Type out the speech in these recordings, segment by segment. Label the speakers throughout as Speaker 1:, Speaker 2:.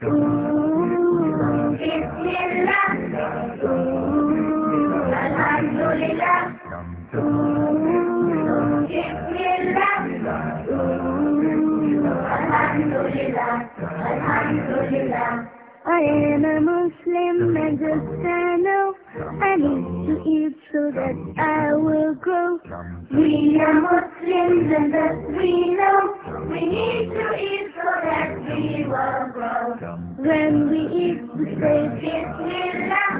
Speaker 1: I am a Muslim and a I need to eat so that I will grow. We are Muslims and that
Speaker 2: we know. We need to eat so that we will
Speaker 1: grow. When we eat, we say Bismillah.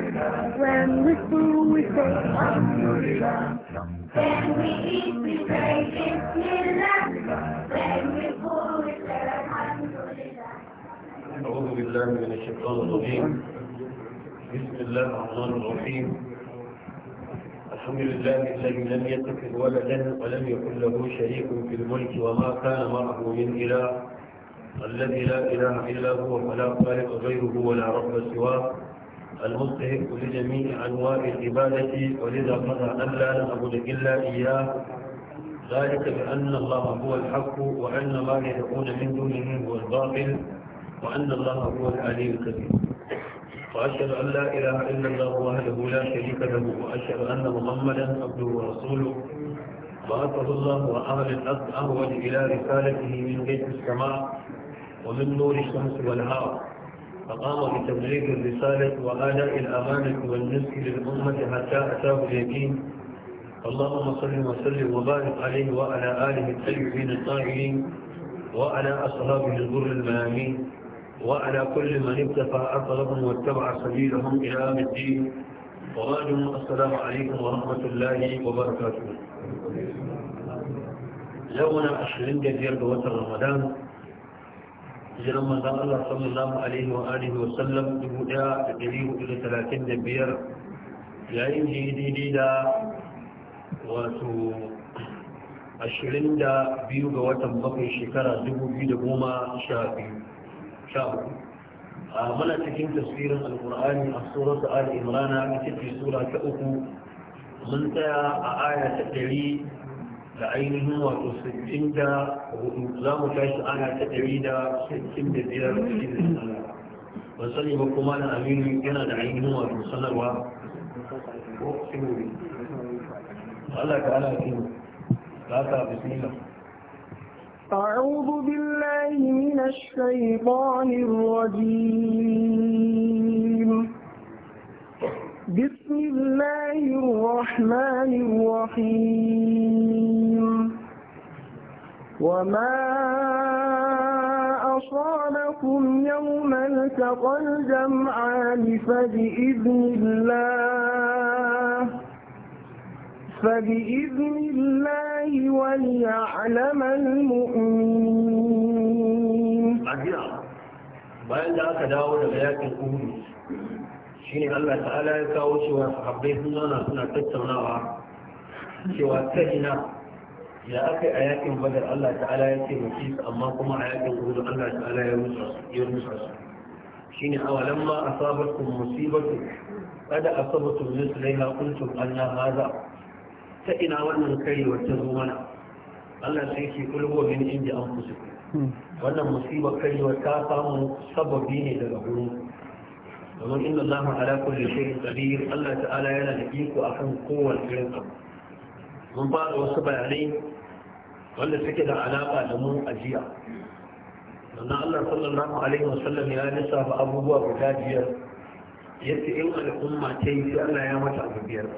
Speaker 1: When we fool, we say Alhamdulillah. When we eat, we say Bismillah. When we fool, we say Alhamdulillah. أعوذ بالله من الشيطان الرجيم
Speaker 3: بسم الله الرحمن الرحيم الحمد لله الذي لم يتخذ ولدا ولم يكن له شريك في الملك وما كان معه من إله الذي لا إله إلا هو ولا خالق غيره ولا رب سواه المستحق لجميع أنواع العبادة ولذا قضى أن لا نعبد إلا إياه ذلك بأن الله هو الحق وأن ما يدعون من دونه هو الباطل وأن الله هو العلي الكبير وأشهد أن لا إله إلا الله وحده لا شريك له وأشهد أن محمدا عبده ورسوله بعثه الله وأهل الأرض أهون إلى رسالته من بيت السماء ومن نور الشمس والنهار فقام بتبليغ الرسالة وآلاء الأمانة والنسك للأمة حتى أتاه اليقين اللهم صل وسلم وبارك عليه وعلى آله الطيبين الطاهرين وعلى أصحابه الغر الميامين وعلى كل من ابتفى أطلبا واتبع سبيلهم إلى الدين وراجم السلام عليكم ورحمة الله وبركاته يومنا عشرين جزير بوت رمضان جرم من الله صلى الله عليه وآله وسلم دبودا تجريه إلى ثلاثين دبير yayin daidai da wato ashirin da biyu ga watan bakwai shekara dubu biyu da goma sha biyu A mana cikin tasirin al'ur'ani a tsoron al imrana a cikin tsura ta uku mun tsaya a aya ta ɗari da ainihin wato 64 za mu tashi ana ta ɗari da 65 ban sani ba kuma na aminu yana da ainihin wato sanarwa ko Allah ta ala kinu za ta bismillah
Speaker 2: أعوذ بالله من الشيطان الرجيم بسم الله الرحمن الرحيم وما أصابكم يوم التقى الجمعان فبإذن الله فبإذن الله وليعلم المؤمنين
Speaker 3: أجل bayan da aka dawo daga yakin kudu ne Allah ta'ala ya kawo cewa sahabbai sun zauna suna tattaunawa cewa ta ina ya aka a yakin badar Allah ta'ala ya ce mafi su amma kuma a yakin kudu Allah ta'ala ya rusa su Shi ne a awalan ma asabatkum musibatu kada asabatu mislaiha kuntum anna hadha ta ina wannan karewar ta zo mana Allah sai ke kulgo min inda an kusa hmm. wannan musibar karewar ta samu sababi ne daga gurin domin inda za Allah ala kulli shay'in qadir Allah ta'ala yana da iko akan kowanne irin abu mun ba da wasu bayanai wanda suke da alaka da mu a jiya sannan Allah sallallahu alaihi wasallam ya lissafa abubuwa guda biyar yace in al'umma ta yi sai Allah ya mata abu biyar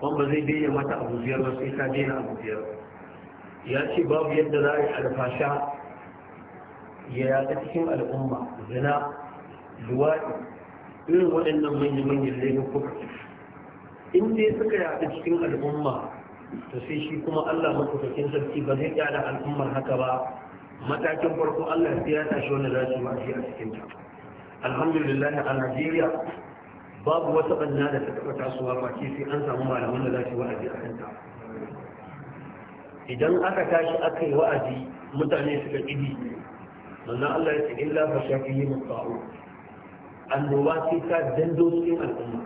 Speaker 3: kuma ba zai daina mata abu biyar ba sai ta daina abu biyar ya ce babu yadda za a yi alfasha ya yaɗa cikin al'umma zina luwaɗi irin waɗannan manya-manyan laifuka in dai suka yaɗa cikin al'umma to sai shi kuma Allah maɗaukakin sarki ba zai yaɗa al'ummar haka ba matakin farko Allah sai ya tashi wani za su ma a cikin ta alhamdulillah a Najeriya babu wata banna da ta taɓa tasowa ke sai an samu malamin da za su wa'azi a kanta idan aka tashi aka yi wa'azi mutane suka ƙidi Wannan Allah ya ce illa fa shafi yi mutsa'u annoba sai ta dando cikin al'umma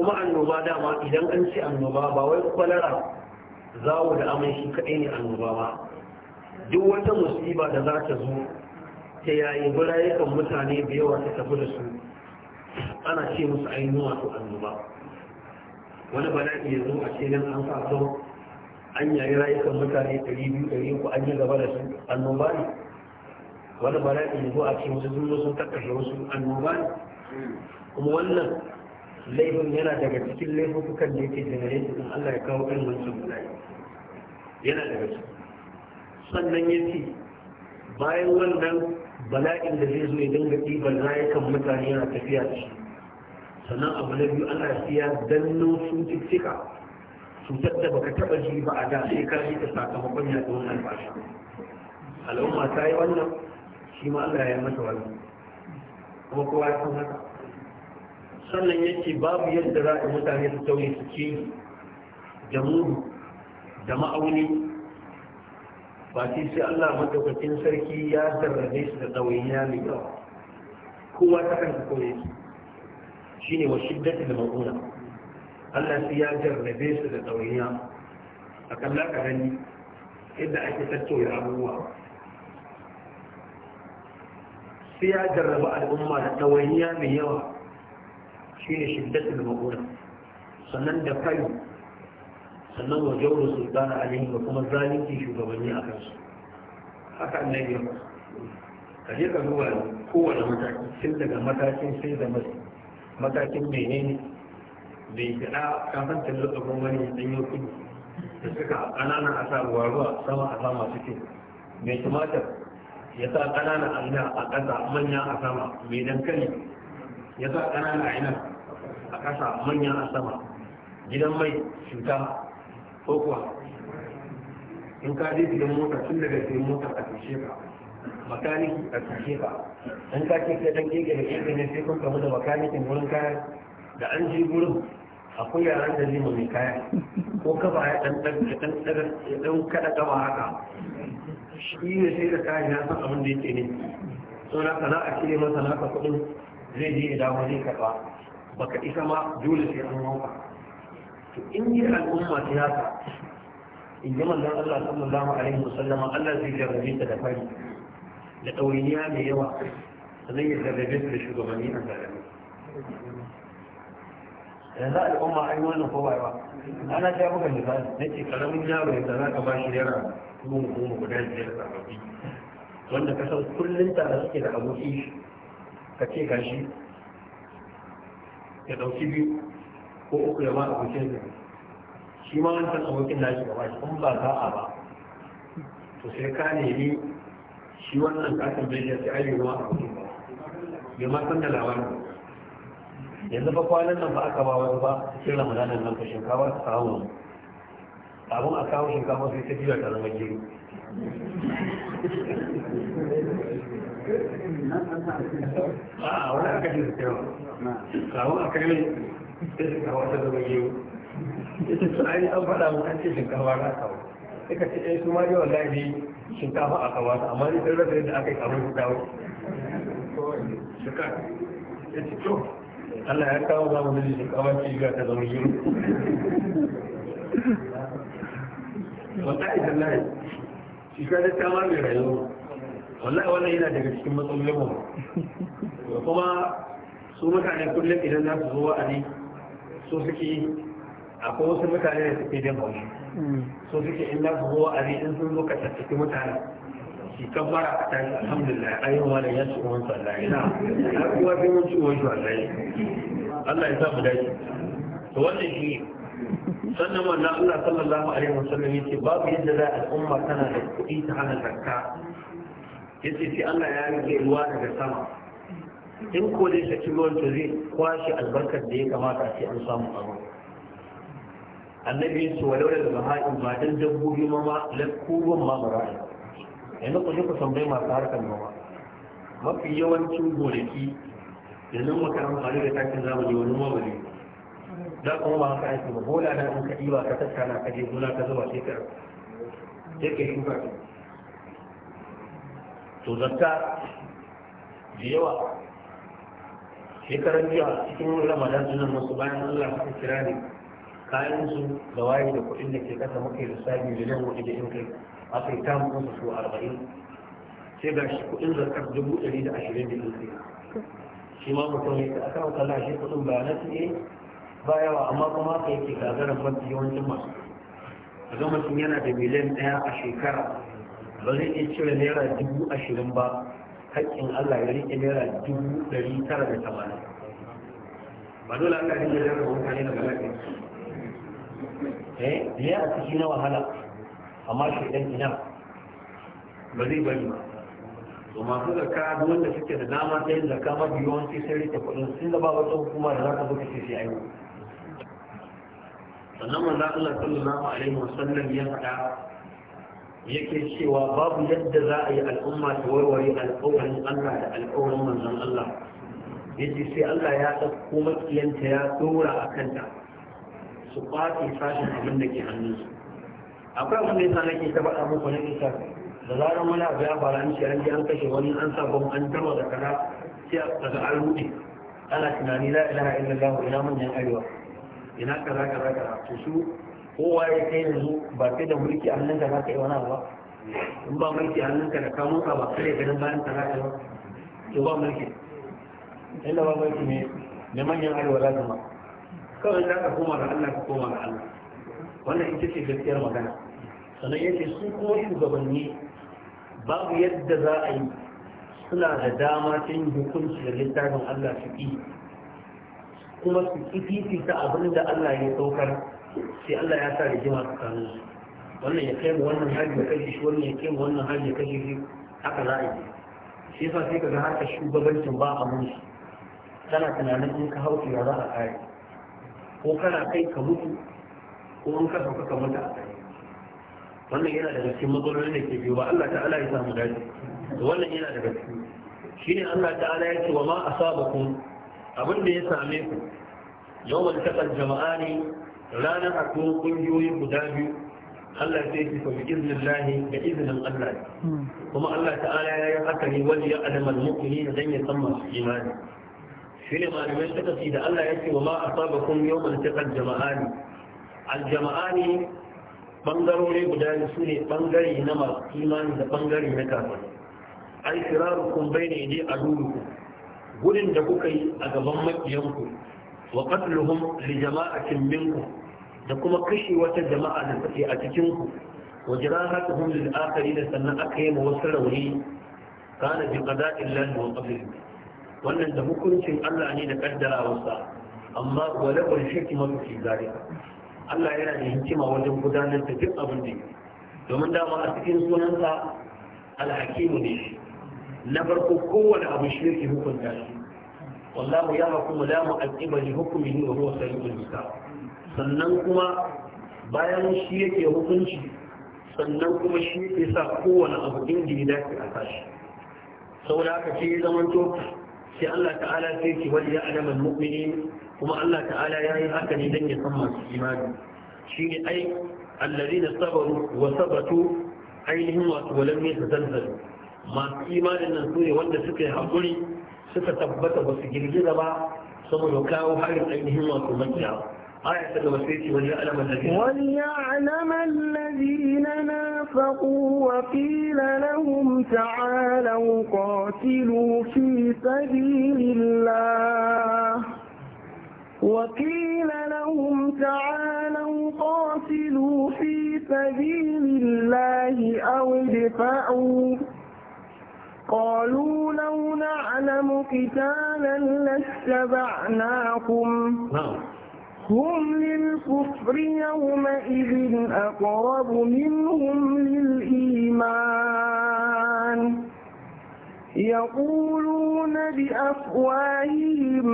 Speaker 3: kuma annoba dama idan an ce annoba ba wai kwalara zawo da amai shi kaɗai ne annoba ba duk wata musiba da za ta zo ta yayi birayukan mutane da yawa ta tafi da su ana ce musu ainihin wato annoba wani bala'i ya zo a ce nan an sa sau an yayi rayukan mutane 200-300 an yi gaba da su annoba ne wani bala'i ya zo a ce musu sun sun takashe wasu annoba ne kuma wannan laifin yana daga cikin laifukan da yake generate in Allah ya kawo irin wancan bala'i yana daga cikin. sannan ya ce bayan wannan bala'in da zai zo ɗiba na ya kan mutane yana tafiya da shi sannan abu na biyu ana siya danno cututtuka cutar da baka taɓa ji ba a da sai ka ji ta sakamakon yaɗuwar albashi al'umma ta yi wannan shi ma Allah ya mata wannan kuma kowa ya san haka sannan yake babu yadda za a mutane su tauye su ce da da ma'auni ba sai sai Allah madaukakin sarki ya sarrafe su da ɗawainiya mai yawa kowa ta kanta kore su shine wa shiddati da mauna Allah sai ya jarrabe su da ɗawainiya a kalla ka gani yadda ake tattauya abubuwa sai ya jarraba al'umma da ɗawainiya mai yawa shi ne shiddati da mauna sannan da fayu sannan wa jawar a alaihi da kuma zalunci shugabanni a kansu haka ne ya ka je ka duba kowane mataki tun daga matakin sai da masu matakin menene bai gada kafin tallo gwamnati wani ɗanyo kudu da suka ƙananan sa ruwa ruwa sama a sama suke mai tumatar ya sa ƙananan ina a ƙasa manya a sama mai dankali ya sa ƙananan ina a ƙasa manya a sama gidan mai cuta ko kuwa in ka je gidan mota tun daga gidan mota a tushe ka makaniki a tushe ka in ka ce kai dan keke da keke ne sai kun kamu da makanikin wurin kayan da an je gurin akwai yaran da zima mai kaya ko kafa ya dan dan kada kafa haka shi ne sai da kayan ya san abin da yake ne so na kana a cire masa naka kuɗin zai je ya dawo zai ba baka isa ma dole sai an wanka in ji al'umma ta haka in ji manzon Allah sallallahu alaihi wasallama Allah zai jarrabe ta da fari da ɗawainiya mai yawa sannan ya jarrabe ta da shugabanni a zalimi yanzu al'umma a yi wannan kowa yawa ana ta buga misali na ce karamin yaro yadda za ka ba shi yara dubu goma guda biyar sababbi wanda ka san kullum da suke da aboki ka ce gashi ya ɗauki biyu ko uku ya ba abokin sa shi ma wancan abokin da shi gaba shi kun ba za'a ba to sai ka nemi shi wannan kasan bai ya sai a abokin ba bai ma san da labarin yanzu ba kwanan nan ba aka ba wani ba cikin ramadanan nan ka shinkawa ta samu abin a kawo shinkawa sai ta jiya ta zama gero a wani aka ji da kyau kawo a kai da an faɗa mu an ce shinkawa na kawo ita ce ɗaya eh, su ma yawan lafi shinkafa a kawo ta amma ni sun rasa yadda aka yi kamar su dawo shika ya ce to Allah ya kawo za mu da shinkafa ce ga ta zama yi wallahi tallahi shika da ta ma mai rayuwa wallahi wannan yana daga cikin matsalolin mu kuma su mutane kullum idan za su zo wa'adi so suke akwai wasu mutane da suke jin haushi so suke in za su zo a in sun zo ka tattaki mutane shi kan bara a tashi alhamdulillah ayin wani ya ci uwan sallahi na har kuwa zai mun ci uwan shi wallahi Allah ya sa mu dace to wannan shi sannan wannan Allah sallallahu alaihi wasallam yace babu yadda za a al'umma tana da kuɗi ta hana zakka yace sai Allah ya rike ruwa daga sama in ko zai saki ruwan to zai kwashe albarkar da ya kamata sai an samu abu annabi su walau daga ha'in ba dan dabbobi ma ma lakkuban ma mara'i yanzu ku je ku tambayi masu harkar noma mafi yawancin gonaki yanzu muka amfani da takin zamani wani ma ne. da kuma ba haka aiki ba bola da in ka ɗiba ka tattara ka je gona ka zuba sai ka sai ka shuka to zakka da yawa shekaran jiya cikin ramadan sunan masu bayan allah suka kira ne kayan su da waye da kuɗin da ke kasa muka lissafi miliyan wani da in kai a kai ta musu su arba'in sai ga shi kuɗin zakar dubu ɗari da ashirin da in kai shi ma mutum ya aka wata lashe kuɗin ba na tsaye ba yawa amma kuma ka yake gagarar mafi yawancin masu a ga mutum yana da miliyan ɗaya a shekara ba zai iya cire naira dubu ashirin ba haƙƙin Allah ya rike naira dubu ɗari tara da tamanin ba dole aka rike naira mutane daga malakin eh da a ciki na wahala amma shi ɗan ina ba zai bari ba to masu zaka duk wanda suke da dama ta yin zaka mafi yawanci sai rike kuɗin sun da ba wata hukuma da za ka zo ka ce sai ayo sannan manzo Allah sallallahu alaihi wasallam ya faɗa yake cewa babu yadda za a yi al'umma su warware alƙawarin Allah da alƙawarin manzon Allah yace sai Allah ya ɗauko makiyanta ya ɗora a kanta su ƙwace sashen abin da ke hannunsu akwai abin da yasa nake ta faɗa muku na isa da zarar wani abu ya fara an ce an je an kashe wani an sa bom an tarwa da kaza sai a kaga an ruɗe ana tunani la ilaha illallah ina manyan arewa ina kaza kaza kaza to su kowa ya kai yanzu ba sai da mulki a hannunka za ka yi wani ba in ba mulki a hannunka da kamo ka ba kare ganin bayan ka za ka yi to ba mulki inda ba mulki ne da manyan arewa za ka ma kawai za ka koma ga Allah ka koma ga Allah wannan ita ce gaskiyar magana sannan yake su kuma shugabanni babu yadda za a yi suna da dama ta yin hukunci da littafin Allah su ƙi kuma su ƙi fifita abin da Allah ya saukar sai Allah ya sa rigima tsakanin su wannan ya kai wannan hajji ya kashe shi wannan ya kai wannan hajji ya kashe shi haka za a yi shi yasa sai ka ga haka shugabancin ba a mun shi kana tunanin in ka hau ya za a kare ko kana kai ka mutu ko in ka sauka ka mutu a kare wannan yana daga cikin matsalolin da ke biyu ba Allah ta'ala ya samu dace wannan yana daga cikin shine Allah ta'ala ya ce wa ma asabakum abin da ya same ku yawmal jama'a jama'ani ranar akwai kungiyoyi guda biyu Allah sai ki fi iznin lahi da izinin Allah kuma Allah ta'ala ya yi haka ne wani ya alamar mukuni da zan ya san masu imani shi ne malamai suka fi da Allah ya ce wa ma a asaba kun yau man tiqal jama'ani aljama'ani bangarori guda su ne bangare na masu imani da bangare na kafin ai firarukum bayna idi adurukum gudun da kuka yi a gaban makiyanku wa qatluhum li jama'atin minkum da kuma kashe wata jama'a da take a cikin ku wa jirahatuhum lil da sannan aka yi wasu rauni kana bi qada'illahi wa qadarihi wannan da hukuncin Allah ne da kaddara wasa amma wala wal hikma fi zalika Allah yana da hikima wajen gudanar da duk abin da domin dama a cikin sunansa alhakimu ne na farko kowane abu shi yake hukunta shi wallahu ya hukumu la mu'aqqiba li hukmihi wa huwa sayyidul hisab sannan kuma bayan shi yake hukunci sannan kuma shi yake sa kowane abu inda ya dace a kashi saboda haka ce ya zama to sai Allah ta'ala sai ki wani ya adaman mu'minin kuma Allah ta'ala ya yi haka ne don ya san masu imani shi ne ai da sabaru wa sabatu ainihin wasu walam ne su zanzaru masu imanin nan su ne wanda suka yi haƙuri suka tabbata ba su girgiza ba saboda kawo harin ainihin wasu makiya وليعلم
Speaker 2: الذين نافقوا وقيل لهم تعالوا قاتلوا في سبيل الله وقيل لهم تعالوا قاتلوا في سبيل الله أو ادفعوا قالوا لو نعلم قتالا لاتبعناكم نعم هم للكفر يومئذ أقرب منهم للإيمان يقولون بأفواههم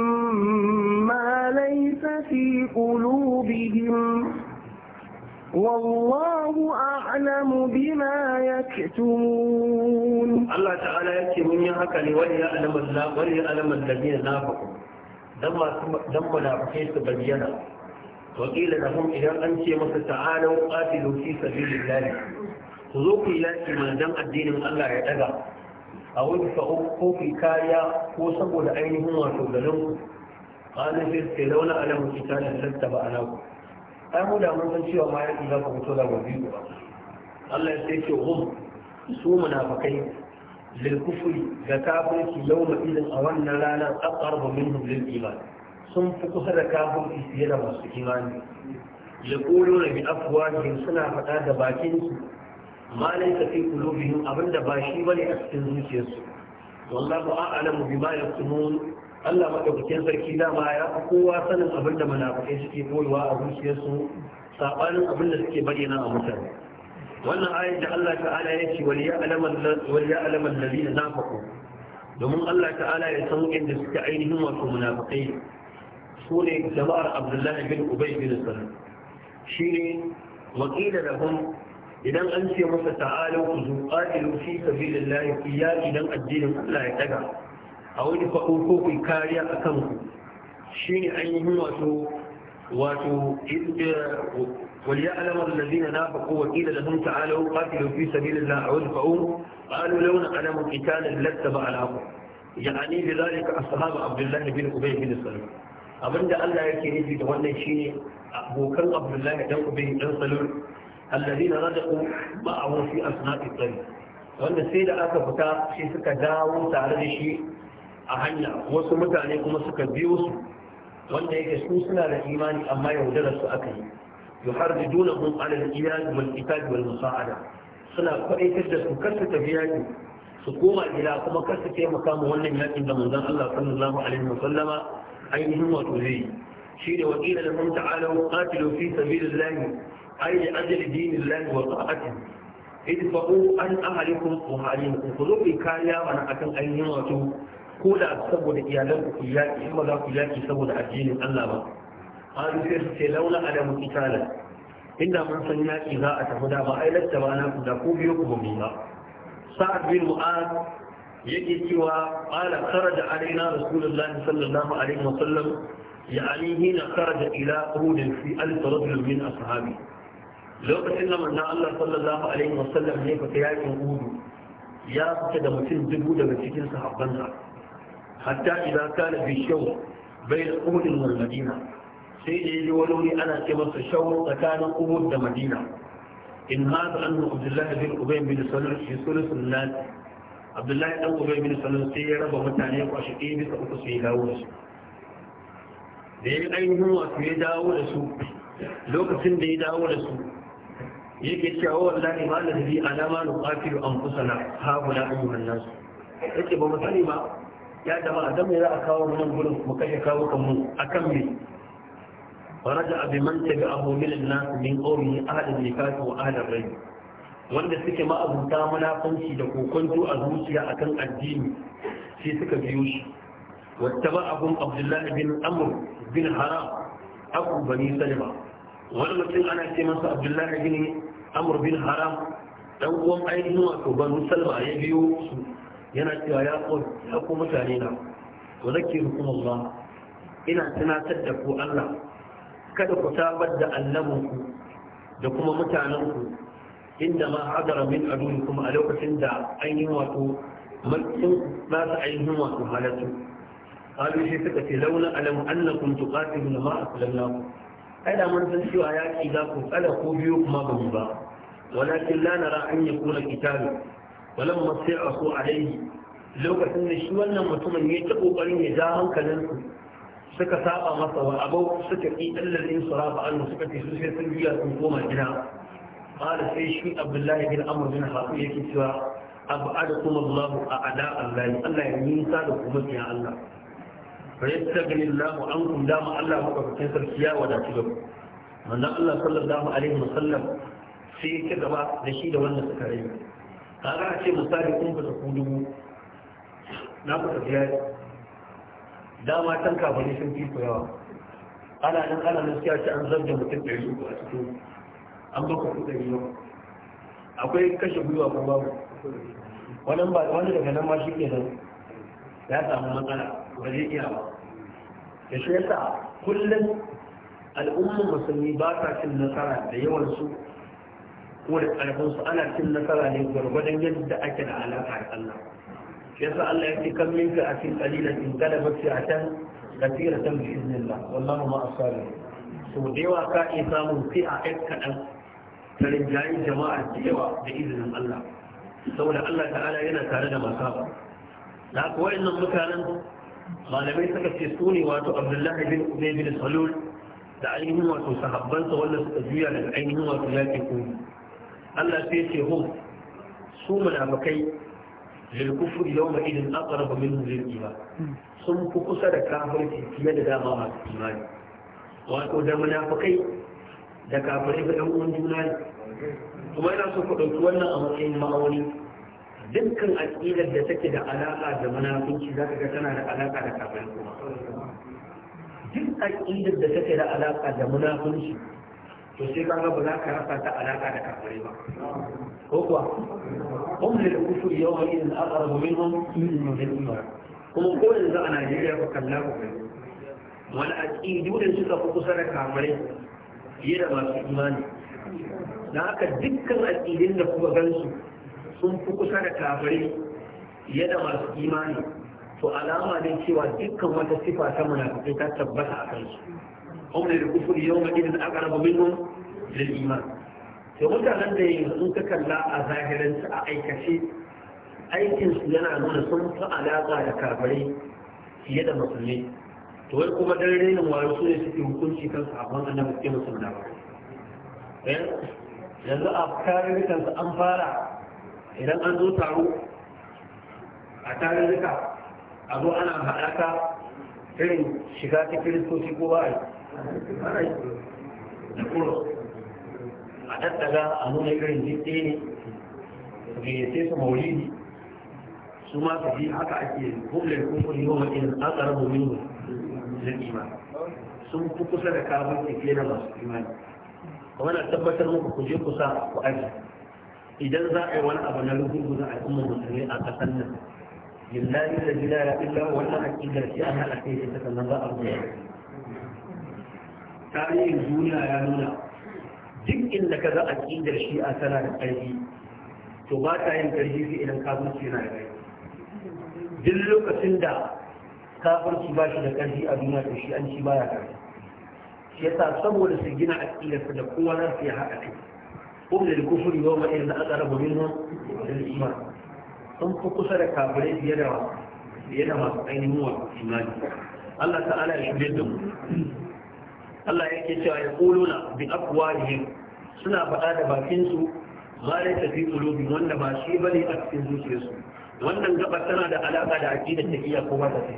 Speaker 2: ما ليس في قلوبهم والله أعلم بما يكتمون
Speaker 3: الله تعالى يكتمون يا حكا لولي ألم الله ولي ألم الذين نافقوا dan masu munafikai su bayyana wakila qila lahum idan an ce masa ta'alu qatilu fi sabilillah ku zo ku yaki man addinin Allah ya daga a wani fa'o ko kariya ko saboda ainihin wato garin ku qalu fi tilawna alam kitalan lattaba anaku ai mu da mun san cewa ma yaki za ku fito da gobe ba Allah ya ce hum su munafikai للكفر كافر يوم إذن أولنا لنا أقرب منهم للإيمان sun fi kusa da kafin fiye da masu imani ya ƙoro da bi afuwahin suna faɗa da bakinsu ma laisa fi qulubihim abinda ba shi bane a cikin zuciyarsu wallahu a'lamu bima yaktumun Allah madaukakin sarki dama ya fi kowa sanin abinda munafikai suke koyewa a zuciyarsu sabanin abinda suke bayyana a mutane wannan ayat da Allah ta'ala ya ce wal ya'lam na nafaqu domin Allah ta'ala ya san inda suke ainihin wasu munafiqai su ne jama'ar Abdullahi bin Ubay bin Salul shine waqila lahum idan an ce masa ta'alu ku zu qatilu fi sabilillahi ya idan addinin Allah ya daga a wani faɗo ko ku kariya akan ku shine ainihin wato wato eh, وليعلم الذين نافقوا وقيل لهم تعالوا قاتلوا في سبيل الله او ادفعوا قالوا لو نعلم قتالا لاتبعناكم يعني بذلك اصحاب عبد الله بن ابي بن سلول abinda Allah yake nufi da wannan shi ne abokan Abdullahi dan Ubay dan Salul alladina radaqu ma'ahu fi asna'i tsari. wanda sai da aka fita shi suka dawo tare da shi a hanya wasu mutane kuma suka biyo su wanda yake su suna da imani amma yaudarar su aka yi yuharridunahum ala al-iyad wal kitab wal musa'ada suna kwadaitar da su kasu tafiya ne su koma gida kuma kasu taimaka mu wannan yakin da manzon Allah sallallahu alaihi wa sallama ainihin wato zai shi ne wakila da mun ta'ala wa qatilu fi sabilillahi ay li ajli dinillahi wa ta'atihi idfa'u an ahlikum wa halikum ku zo kariya mana akan ainihin wato ko da saboda iyalanku ku yaki za ku yaki saboda addinin Allah ba qalu sai launa a da adamu inda mun san yaki za a tafi da ba ai latta ba na ku da ko biyo ku gumi ba sa'ad bin mu'az yake cewa qala kharaja alaina rasulullahi sallallahu alaihi wasallam يعني a خرج إلى قرود في ألف da من أصحابه لو قتلنا من الله صلى الله عليه وسلم هيك تياك وقود يا كده مثل دبودة بسكين صحبنا حتى إذا كان في الشوق بين قرود madina. sai da ya yaji wani wuri ana ce masa shawar tsakanin Uhud da Madina in ma hada annu Abdullahi bin Ubay bin Salul shi sulusun nas Abdullahi dan Ubay bin Salul sai ya raba mutane kwashi ɗaya bisa uku su yi dawo da su da ya yi ainihin wasu ya dawo da su lokacin da ya dawo da su yake cewa wallahi ma da zai alama na kwafiru an kusa na hagula ayyukan nasu yake ba mu sani ba ya dama a zama za a kawo mu nan gurin mu kashe kawo kan mu akan me فرجع بمن تبعه من الناس من قومه أهل wa وأهل الرجل wanda suke ma'abuta munafunci da kokonto a zuciya akan addini sai suka biyo shi wattaba'ahum abdullah bin Amur bin haram abu bani salima wani mutum ana ce masa abdullah bin Amur bin haram dan uwan ainihin wato banu salma ya biyo su yana cewa ya ko mutane na wa hukumar ba. ina tunatar da ku allah kada ku tabar da annabinku da kuma mutanenku inda ma hadara min aduni kuma a lokacin da an yi wato mulkin ba su ainihin wato halatu qalu shi suka ce launa alam annakum tuqatiluna ma aslamnakum ai da mun san cewa yaki za ku tsala ko biyo kuma ba mu ba walakin la nara an yakuna kitabu walamma sa'asu alaihi lokacin da shi wannan mutumin ya ta kokarin ya ja hankalinsu suka saba masa wa abu suka ƙi ɗallazin su rafa annu suka fi su sai sun juya sun koma gida ƙala sai shi abdullahi bin amur bin hafi yake cewa abu ada kuma allahu a ada allah allah ya nisa da kuma siya allah fayyasta ganin lamu an kun dama allah makwabcin sarki ya wadatu da ku manzan allah sallallahu alaihi wasallam sai ya ci gaba da shi da wannan suka rai kaga a ce misali kun fita ku dubu na fita biyar dama can ne sun kifo yawa ana nan ana nan sai ci an zarge mutum ɗari uku a cikin an ba ku ɗari yau akwai kashe gwiwa ko babu wannan ba wani daga nan ma shi ke nan ya samu matsala ba zai iya ba da shi yasa kullum al'ummar musulmi ba ta cin nasara da yawan su ko da ƙarfin su ana cin nasara ne gwargwadon yadda ake da alaƙa da Allah yasa Allah ya yake kan minka a cikin qalilatin galabat fi'atan kathiratan bi idnillah wallahu ma asali so da yawa ka iya samun fi'a ɗan kaɗan ta rinjayi jama'a da yawa da izinin Allah saboda Allah ta'ala yana tare da masaba da haka wa'annan mutanen malamai suka ce su ne wato abdullahi bin ubay bin salul da ainihin wato sahabbansa wanda suka juya daga ainihin wato yaƙi kuma Allah sai ce hum su munafikai للكفر يومئذ أقرب منه للإيمان sun fi kusa da kafirci fiye da dama masu imani wato da munafukai da kafirai ga ɗan uwan juna ne kuma yana so ku ɗauki wannan a matsayin ma'auni dukkan aƙidar da take da alaƙa da munafunci za ka ga tana da alaƙa da kafirai kuma duk aƙidar da take da alaƙa da munafunci to sai kaga ba za ka rasa ta alaka da kafare ba ko kuwa hum lil kufur yawma idan aqrabu minhum min iman kuma ko yanzu a Najeriya ba kalla ku kai wani aqidu da suka fi kusa da kafirai fiye da masu imani Na haka dukkan aqidin da kuka gansu sun fi kusa da kafirai fiye da masu imani to alama ne cewa dukkan wata sifa ta munafikai ta tabbata a kansu هم للكفر يومئذ أقرب منهم للإيمان mutanen da yanzu ka kalla a zahiransu a aikace aikinsu yana nuna sun fi alaƙa da kafirai fiye da musulmi to wai kuma dan renin wayo su ne suke hukunci kansu a ban annabi suke musu da ba eh, yanzu a tarurrukansu an fara idan an zo taro a tarurruka a zo ana haɗaka irin shiga ta kiristoci ko ba'a da kuro a daddaga a nuna irin jitse ne ya gayyace su maulidi su ma su bi haka ake hulun kukuri yau makin an tsarabu mu da imani sun fi kusa da kafin tafiye na masu imani kuma na tabbatar muku ku je kusa ku aji idan za a yi wani abu na rubutu na al'ummar musulmi a ƙasar nan lillahi da jila ya illa wannan aƙidar shi ana alƙaidar ta nan za a rubuta tarihin duniya ya nuna duk inda ka za a ƙidar shi'a tana da ƙarfi to ba ta yin ƙarfi sai idan kafirci yana da ƙarfi duk lokacin da kafirci ba shi da ƙarfi a duniya to shi an ci baya ƙarfi shi yasa saboda su gina aƙidar da kowa za su yi haɗa kai kuma da kufuri yau ma'ir da aka rabu min nan iman sun fi kusa da kafirai fiye da fiye da masu ainihin wa imani Allah ta'ala ya shirye da mu Allah yake cewa ya na bi afwahihim suna faɗa da bakinsu zai ta fi qulubi wanda ba shi bane a cikin zuciyarsu wannan gaba tana da alaka da aqidar ta iya ko ba ta ce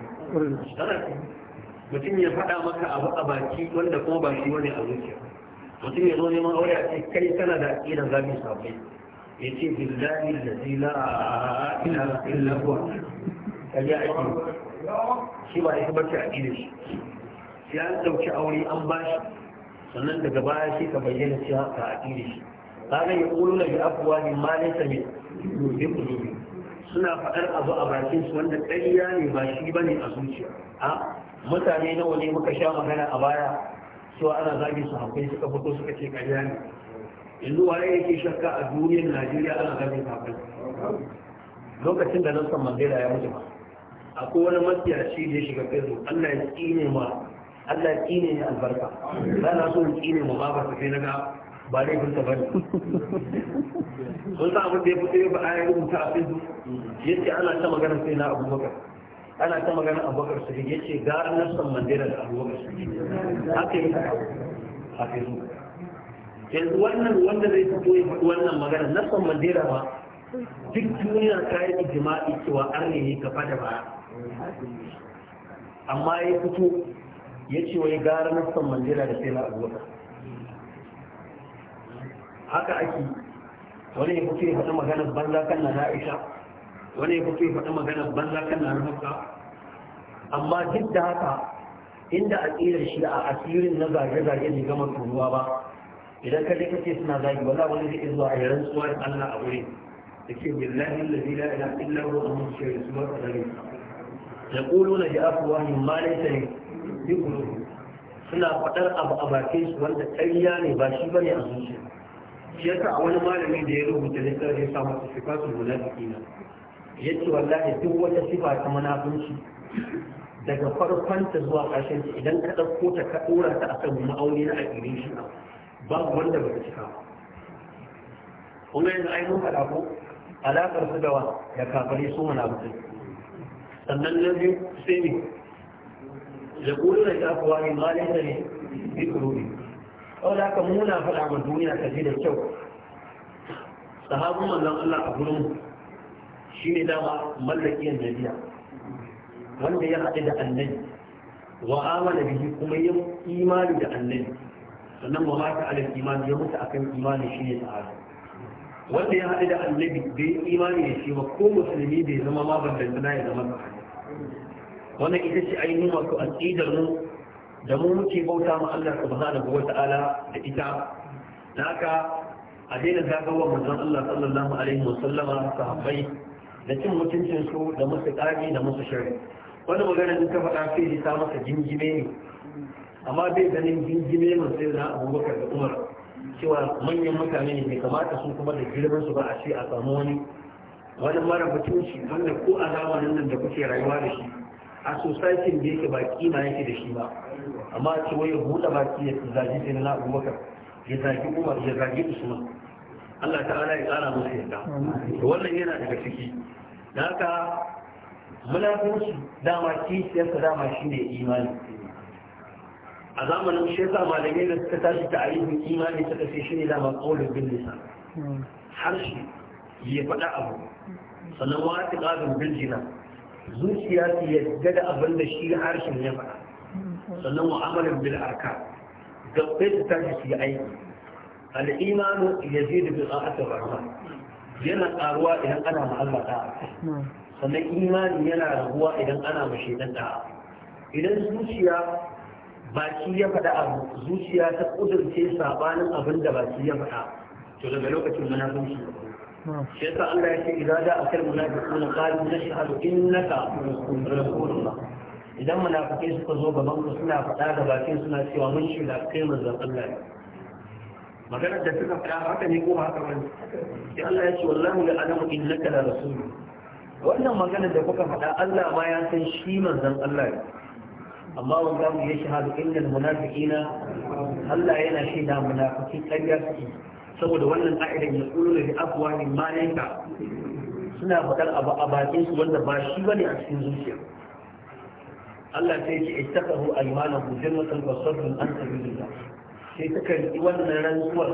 Speaker 3: mutum ya faɗa maka abu a baki wanda kuma ba shi wani a zuciya mutum ya zo neman aure a ce kai tana da aqidar zabi sabai ya ce billahi allazi la ilaha illa huwa kaje aiki shi ba ita bace aqidar shi Ya an ɗauki aure an bashi sannan daga baya shi ka bayyana cewa ka aƙiri shi kaga ya ƙulu na bi afuwa ne ma ne sami yobin ƙulubi suna faɗar abu a bakin su wanda ƙarya ne ba shi ba ne a zuciya a mutane nawa ne muka sha magana a baya cewa ana zagin su hakuri suka fito suka ce ƙarya ne yanzu waye yake shakka a duniyar najeriya ana zagin su lokacin da nelson mandela ya mutu ba akwai wani masiyaci da ya shiga facebook allah ya tsine ma Allah tsine ne albarka ba na so tsine mu ba ba sai na ga ba dai ta ba sun sa abin da ya fito ba a yi rubuta a fito yace ana ta magana sai na abubakar ana ta magana abubakar su yace ga san Mandela da abubakar su haka yi a fito yanzu wannan wanda zai fito ya faɗi wannan magana san Mandela ba duk duniya ta yi jima'i cewa arne ne ka da baya amma ya fito ya ce wai gara nassan mandela da sai na abubakar haka ake wani ya fito ya faɗi maganar banza kan na na'isha wani ya fito ya faɗi maganar banza kan na rubuka amma duk da haka inda a tsirar shi a asirin na zage-zage ne gama turuwa ba idan ka ka ce suna zagi wala wani zai zuwa a yaren tsuwa da Allah a wurin da ke billahi lalzi la ila illa ruwa a mun shirin su ba ta dare ya ƙulu na ji afuwa ne ma laifin bi kulubi suna faɗar abu a bakin su wanda ƙarya ne ba shi bane a zuciya shi yasa a wani malami da ya rubuta littafin ya samu sifatul munafiqina yace wallahi duk wata sifa ta manafinci. daga farkon ta zuwa ƙarshen ta idan ka ɗauko ta ka ɗora ta akan ma'auni na aƙirin shi ba wanda ba ta cika kun yanzu ai mun faɗa ko alaƙar su da wa da kafare su sannan na biyu sai ne يقولون في أفواههم ما ليس بقلوبهم أو ذاك مونا فلا من دنيا كثير الشوك صحابهم من الله أقولهم شيء دعوة ملكي النبي wanda ya haɗu da annabi wa amana bihi kuma ya imani da annabi sannan wa mata alal imani ya mutu akan imani shine sahaba wanda ya haɗu da annabi bai imani da shi ba ko musulmi bai zama ma bandantana ya zama sahaba wannan ita ce ainihin wato aqidar mu da mu muke bauta ma Allah subhanahu ta'ala da ita da haka a daina zagawa manzon Allah sallallahu alaihi wasallama sahabbai da cin mutuncin su da musu ƙari da musu shari wani magana in ka faɗa sai ya sa masa jingime ne amma bai ganin jingime mun sai na abubakar da umar cewa manyan mutane ne bai kamata su kuma da girman su ba a ce a samu wani wani mara mutunci wanda ko a zamanin nan da kuke rayuwa da shi a sosaitin da yake baki na yake da shi ba amma cewa ya buɗe baki ya zagi sai na maka, ya zagi umar ya zagi usman Allah ta'ala ya ƙara musu yadda Da wannan yana daga ciki da haka munafinci dama kishiyarsa dama shi ne imani a zamanin shi yasa malamai da suka tashi ta ayyukan imani suka ce shi ne dama ƙaunar bin nisa Har shi. ya faɗa abu sannan wa ta ƙarin bin jina zuciya su yadda da abin da shi harshen ya faɗa sannan mu'amalar bil arka gabbai ta tashi su yi aiki al'imanu ya zai da a aka barwa yana ƙaruwa idan ana ma Allah ta'a sannan imani yana raguwa idan ana ma shaitan ta'a idan zuciya baki ya faɗa abu zuciya ta ƙudurce sabanin abin da baki ya faɗa to daga lokacin munafunci shi yasa Allah ya ce idan da akal munafiquna qalu nashhadu innaka rasulullah idan munafikai suka zo gaban ku suna faɗa da bakin suna cewa mun shi da kai manzon Allah ne maganar da suka faɗa haka ne ko haka bane sai Allah ya ce wallahi la alamu innaka la rasul wannan maganar da kuka faɗa Allah ma ya san shi manzon Allah ne amma wanda mu ya shahadu innal munafiqina Allah yana shaida munafiki ƙarya suke saboda wannan ka'idan ya tsoro da abuwa ne malaika suna faɗar abu a bakin su wanda ba shi bane a cikin zuciya Allah sai ya ce ittaqahu ku jannatan wata sabrun an yi sai ta karbi wannan rantsuwar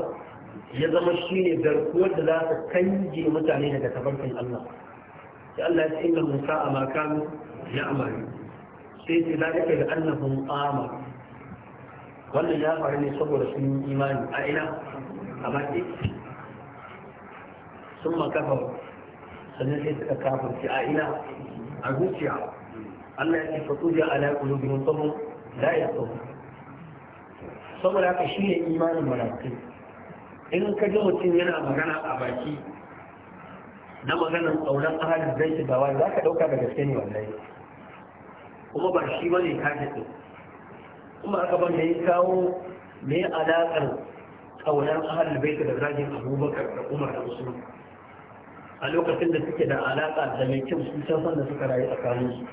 Speaker 3: ya zama shi ne garkuwar da za ta kange mutane daga tabarkin Allah sai Allah ya ce musa a ma ya amari. sai ce kai da annabin amari wannan ya faru ne saboda sun imani a ina gaba sun makafa sannan sai suka kafirci a ina a zuciya Allah ya ce fatuja ala qulubihim fa da ya yafqahun saboda haka shi ne imanin malakai in ka ji mutum yana magana a baki na maganar tsauran ahalin zai shiga wani za ka ɗauka da gaske ne wallahi kuma ba shi ne ka ji kuma aka ban da ya kawo me alaƙar kaunar ahalul baiti da zagin abubakar da umar da usman a lokacin da suke da alaƙa da mai kyau su san da suka rayu tsakanin su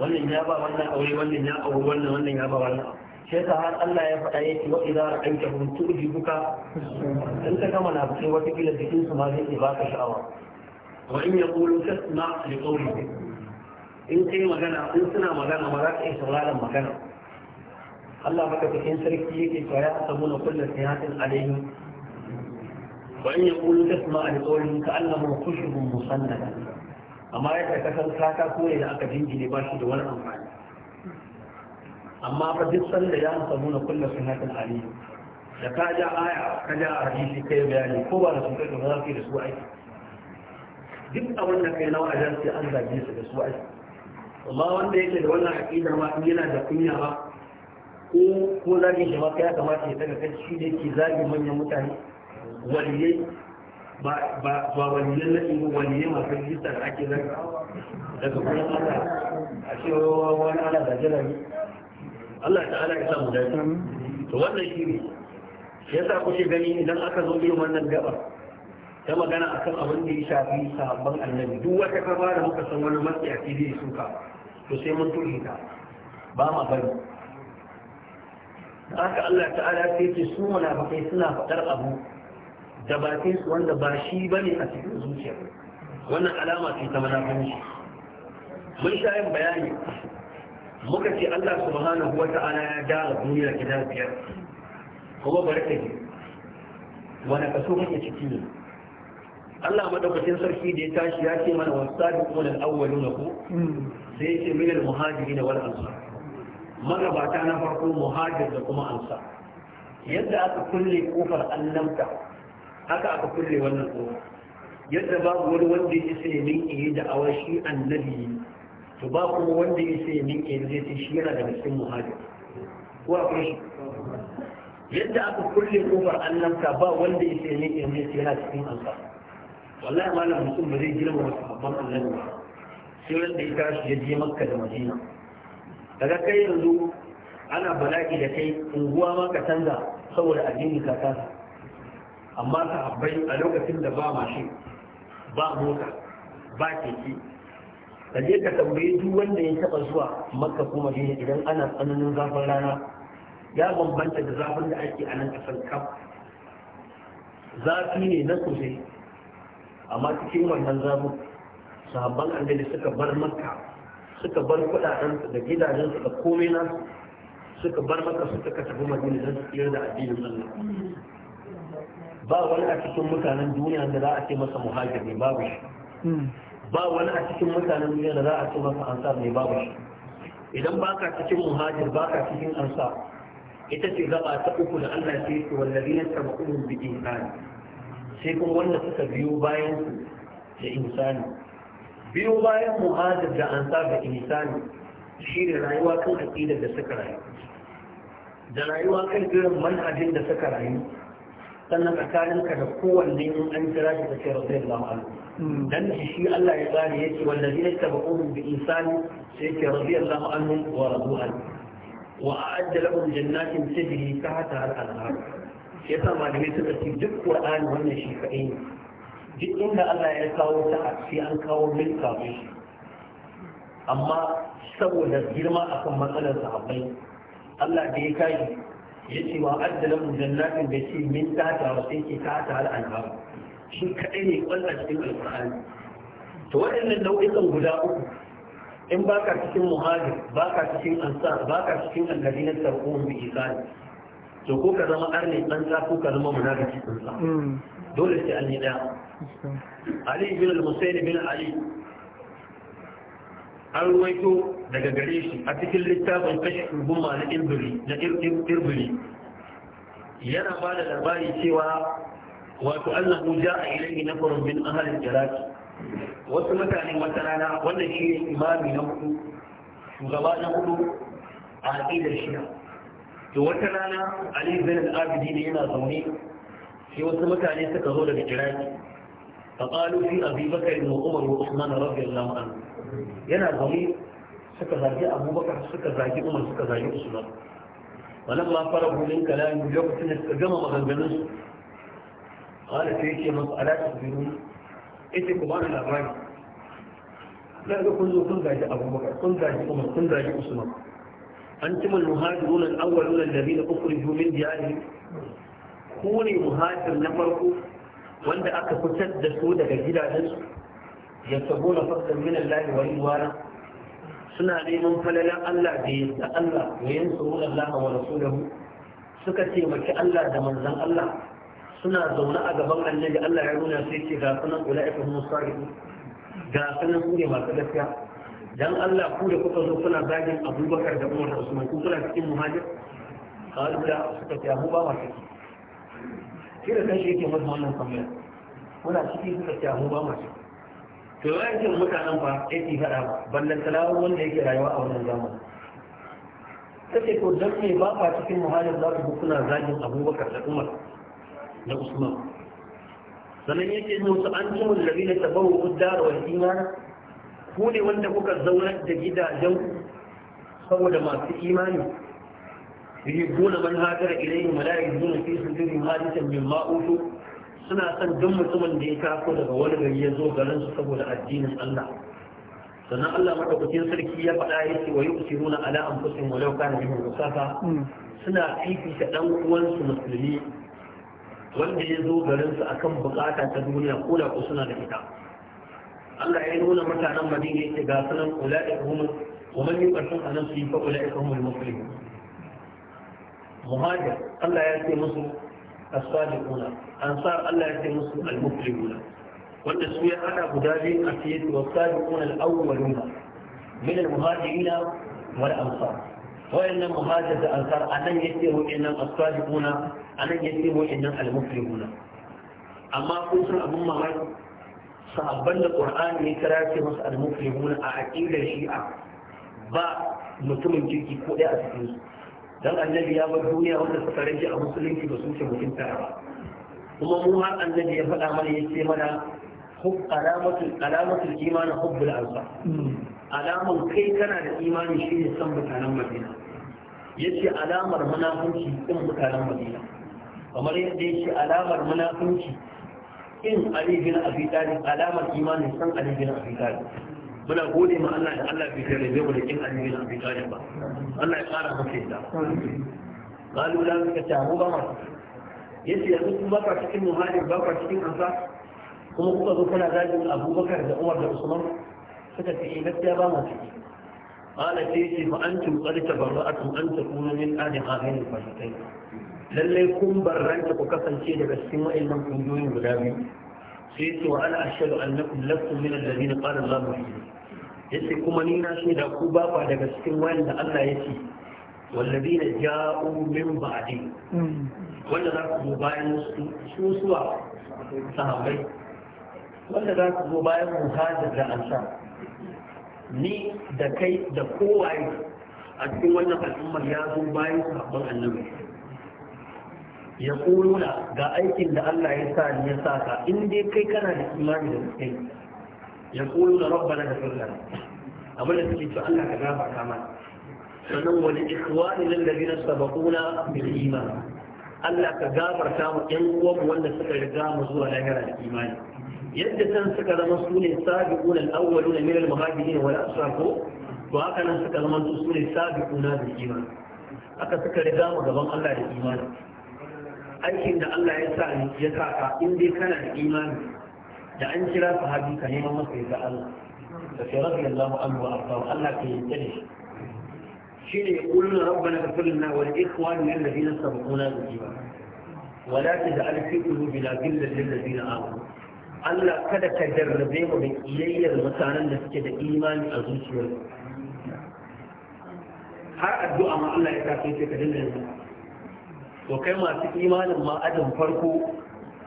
Speaker 3: wannan ya ba wannan aure wannan ya aure wannan wannan ya ba wannan sai ka har Allah ya faɗa ya ce wa idza ra'aita ji buka in ka ga na wata kila jikin su ma zai baka sha'awa wa in ta tasma' li qawlihi in kai magana in suna magana ma za ka iya sauraron magana Allah cikin sarki yake cewa ya samu na kullu sihatin alaihi wa in yaqulu tasma alqawli ka annahu khushubun musannada amma yadda ka san kaka ko da aka jingine ba shi da wani amfani amma fa duk sanda ya samu na kullu sihatin alaihi da ka ja aya ka ja hadisi kai bayani ko ba da sun kai ba za ka yi da su aiki duk abin da kai nawa ajan sai an zage su da su aiki amma wanda yake da wannan aqidar ma in yana da kunya ba ko ko zagin shi ba ya kamata ya daga kai shi da ke zagin manyan mutane waliyai ba waliyan na ingo waliyai masu rijista da ake zaka daga kuma ana a cewa wani ana jira ne Allah ta'ala ya samu dace to wannan shi ne yasa kuke gani idan aka zo irin wannan gaba ta magana akan abin da ya shafi sabon annabi duk wata kama da muka san wani matsayi a fili suka to sai mun tushe ta ba ma bari haka Allah ta'ala sai ce su munafikai suna faɗar abu da bakin su wanda ba shi ba ne a cikin zuciya wannan alama ce ta munafici mun sha yin bayani muka ce Allah subhanahu Ta'ala ya da duniya gida biyar kuma barka ne wani kaso kake ciki ne Allah madaukakin sarki da ya tashi ya ce mana wasu sabiqun al-awwaluna ko hmm. sai ya ce min al na wal ansar magabata na farko muhajir da kuma ansa yadda aka kulle kofar annabta haka aka kulle wannan kofar yadda babu wani wanda ya sai min yi da awa shi annabi to ba kuma wanda ya sai min yi zai ce shi yana da cikin muhajir ko akwai shi yadda aka kulle kofar annabta ba wanda ya sai min yi zai ce yana cikin ansa wallahi malam mutum ba zai girma wasu babban annabi ba sai wanda ya tashi ya je makka da madina daga kai yanzu ana bala'i da kai unguwa ma ka canza saboda addini ka kasa amma ka habbai a lokacin da ba mashi ba mota ba keke ka je ka tambayi duk wanda ya taba zuwa makka ko madina idan ana tsananin zafin rana ya bambanta da zafin da ake a nan kasar kaf zafi ne na sosai amma cikin wannan zafin sahabban annabi suka bar makka suka bar kuɗaɗensu da gidajensu da komai na suka bar maka suka ka tafi madina don su tsira da addinin Allah ba wani a cikin mutanen duniya da za a ce masa muhajir ne babu shi ba wani a cikin mutanen duniya da za a ce masa ansar ne babu shi idan ba ka cikin muhajir ba ka cikin ansa, ita ce gaba ta uku da Allah ce ce wallazi na tabbakun bi insani sai kuma wanda suka biyo bayan da insani biyu bayan muhajir da ansar da insani shi ne rayuwa kan aƙidar da suka rayu da rayuwa kan irin manhajin da suka rayu sannan tsakaninka da kowanne in an jira shi ka ce radiyallahu anhu hmm. dan shi Allah ya tsare yake wallazi ne tabu'uhum bi insani sai yake rabiyar anhu wa radu an wa a'adda lahum jannatin tajri tahtaha al-anhar yasa malamai suka ci duk qur'ani wannan shi kadai ne duk inda Allah ya kawo ta a sai an kawo min kafin shi amma saboda girma akan matsalar sahabbai Allah da ya kai ya ce wa addala mu jannatin da ce min ta ta sai ke ta ta al'anhar shi kadai ne kwalla cikin alqur'ani to waɗannan nau'ikan guda uku in ba ka cikin muhajir ba ka cikin ansa, ba ka cikin alladina tarqum bi isan to ko ka zama arni dan sa ko ka zama munafiki dan sa hmm. dole sai an yi ɗaya. ali bin al-husayn bin ali an ruwaito daga gare shi a cikin littafin kashfin guma na irbiri na irbiri yana ba da labari cewa wato allah mu ja a ilahi na farin bin ahalin iraki wasu mutane wata rana wanda shi ne imami na hudu shugaba na hudu a aƙidar shida to wata rana ali bin al-abidi ne yana zaune sai wasu mutane suka zo daga iraki فقالوا في أبي بكر وعمر وعثمان رضي الله عنه ينا ضمير suka zagi abubakar suka zagi umar suka zagi usman wannan ma fara hulun kalami lokacin da suka gama maganganun su kala ta yake masu alaƙa su biyu ita ku ni labari na ga kun zo kun abubakar kun gaji umar kun gaji usman an ci ku ne muhajir na farko wanda aka fitar da su daga gidajensu ya sabo na fasar min Allah wa ridwana suna neman falalan Allah da yadda Allah ya yansuru Allah wa rasulahu suka ce taimaki Allah da manzon Allah suna zaune a gaban annabi Allah ya nuna sai ce ga sunan ulaika hum sadiqun ga sunan su ne masu gaskiya dan Allah ku da kuka zo kuna zagin Abubakar da Umar da Usman ku kuna cikin muhajir qalu da suka ce Abu cikin. shi da shi yake masu wannan kamar muna ciki suka ce ba masu to mutanen ba yake faɗa ba ballan talawar wanda yake rayuwa a wannan zamani ta ce ko don me ba a cikin muhalin za ku kuna zagin abubakar da umar da usman sannan yake musu an ci mun labi na tabahu uddar wal imana. ku ne wanda kuka zauna da gidajen saboda masu imani yuhibbuna man hajara ilayhim wa la yajiduna fi sudurihim hajatan mimma utu suna son duk mutumin da ya taso daga wani gari ya zo garin su saboda addinin Allah sannan Allah madaukakin sarki ya faɗa yake wa yusiruna ala anfusihim walau kana bihim rusafa suna fifita dan uwansu musulmi wanda ya zo garin su akan bukata ta duniya ko da ko suna da ita Allah ya nuna mutanen Madina yake ga sunan ulai'ihum wa man yuqashun anfusihim fa ulai'ihum al-muflihun muhajir Allah ya ce musu as kuna, ansar Allah ya ce musu al-muflihuna wanda su ya hada guda biyu a fiye da as-sadiquna al-awwaluna min al-muhajirina wal ansar nan muhajir da ansar a nan ya anan yace wa'annan as-sadiquna anan yace nan al-muflihuna amma kun san abun mamaki sahabban da qur'ani ya kira ce musu al-muflihuna a aqidar shi'a ba mutumin kirki ko ɗaya a cikin su dan annabi ya bar duniya wanda suka rage a musulunci ba su ce mutum tara ba kuma mu har annabi ya faɗa mana ya ce mana alamatul alamatul imani hubbul ansa alaman kai kana da imani shine san mutanen madina yace alamar munafunci din mutanen madina kamar yadda yace alamar munafunci in ali bin abi talib alamar imani san ali bin abi talib muna gode ma Allah da Allah bai kare zai wani kin alheri na bi kare ba Allah ya kara masa yadda qalu la ka tabu ba ma yace yanzu kun ba ka cikin muhajir ba ka cikin ansar kuma kuka zo kuna zagin Abubakar da Umar da Usman suka ce eh gaskiya ba mu ciki qala sai yace fa antum qad tabarra'atum an takunu min ahli hadhihi al-fasiqin lalle kun barranta ku kasance daga cikin wa'annan kungiyoyin guda biyu sai ce wa ana ashadu annakum lakum min alladhina qala Allah muhsin yace kuma ni na shaida ku ba ba daga cikin wanda Allah yake والذين جاءوا من بعدهم wanda za ku zo bayan su suwa sahabbai wanda za ku zo bayan muhajir da ansar ni da kai da kowaye a cikin wannan al'ummar ya zo bayan sahabban annabi ya ƙuluna ga aikin da Allah ya sa ni ya sa ka in dai kai kana da imani da kai ya ƙuluna rabbana da firlan abin da suke to Allah ka gafarta mana sannan wani ikhwani lil ladina sabaquna bil iman Allah ka gafarta mu ɗan uwan wanda suka riga mu zuwa lahira da imani yadda san suka zama su ne sabiquna al-awwaluna min al-muhajirin wal ansar ko to haka nan suka zama su ne sabiquna bil iman Aka suka riga mu gaban Allah da imani aikin da Allah ya sa ya sa ka in dai kana da imani da an kira sahabi ka neman masa ga Allah da sai radiyallahu anhu wa arda Allah ka yadda da shi shine yaquluna rabbana ighfir lana wa li ikhwanina alladhina sabaquna bil iman wa la taj'al fi qulubina ghillan lil ladina amanu Allah kada ka jarrabe mu da kiyayyar mutanen da suke da imani a zuciyarsu har addu'a ma Allah ya sa sai ka dinga yanzu to kai masu imanin ma adam farko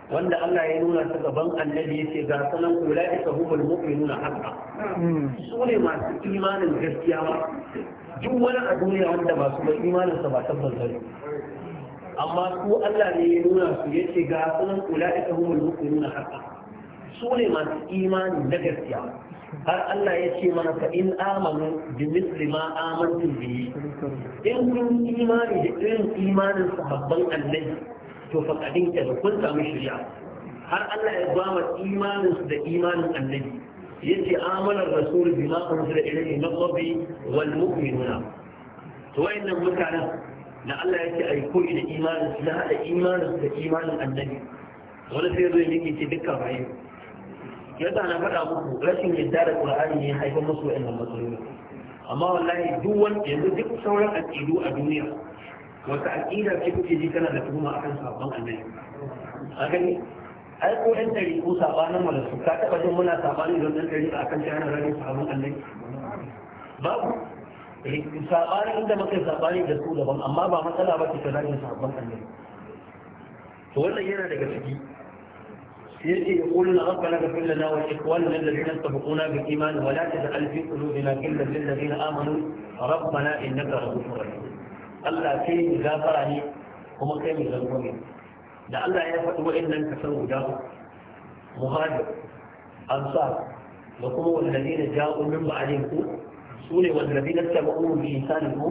Speaker 3: wanda Allah ya nuna ta gaban annabi ya ce ga sanan kula da sahubul mu'minuna haqqa su ne masu imanin gaskiya ma duk wani a duniya wanda ba su ba imanin sa ba tabbas ba amma su Allah ne ya nuna su ya ce ga sanan kula da sahubul mu'minuna haqqa su ne masu imani na gaskiya har Allah ya ce mana fa in amanu bi misli ma amantu bi in kun imani da irin imanin sahabban annabi to fa kadin ka da kun samu shari'a har Allah ya ba mu imanin su da imanin annabi yace amana rasul bima unzila ilayhi min rabbi wal mu'minuna to wayannan mutanen da Allah yake ai koyi da imanin su da hada imanin da imanin annabi wani sai zai yake ce dukkan rayuwa yasa na faɗa muku rashin yadda da qur'ani ne haifar musu wa'annan matsaloli amma wallahi duk wanda yanzu duk sauran aqidu a duniya wata aqida ce kuke ji kana da tuhuma akan sabon annabi a gani ai ko ɗan ɗari ko sabanin mu da su ka taɓa jin muna sabanin don ɗan ɗari akan ta hana rage sabon annabi babu eh, sabanin inda muka yi sabanin da su daban amma ba matsala ba ce ta rage sabon annabi to wannan yana daga ciki يجي يقولون ربنا اغفر لنا ولاخواننا الذين سبقونا بالايمان ولا تجعل في قلوبنا غلا للذين امنوا ربنا انك رؤوف رحيم الله كي مغفر لي كي مغفر da Allah ya faɗi wa'annan kasar guda muhajir ansar da kuma wallazi da ja'u min ba'alin ku su ne wallazi da taba'u bi insanin ku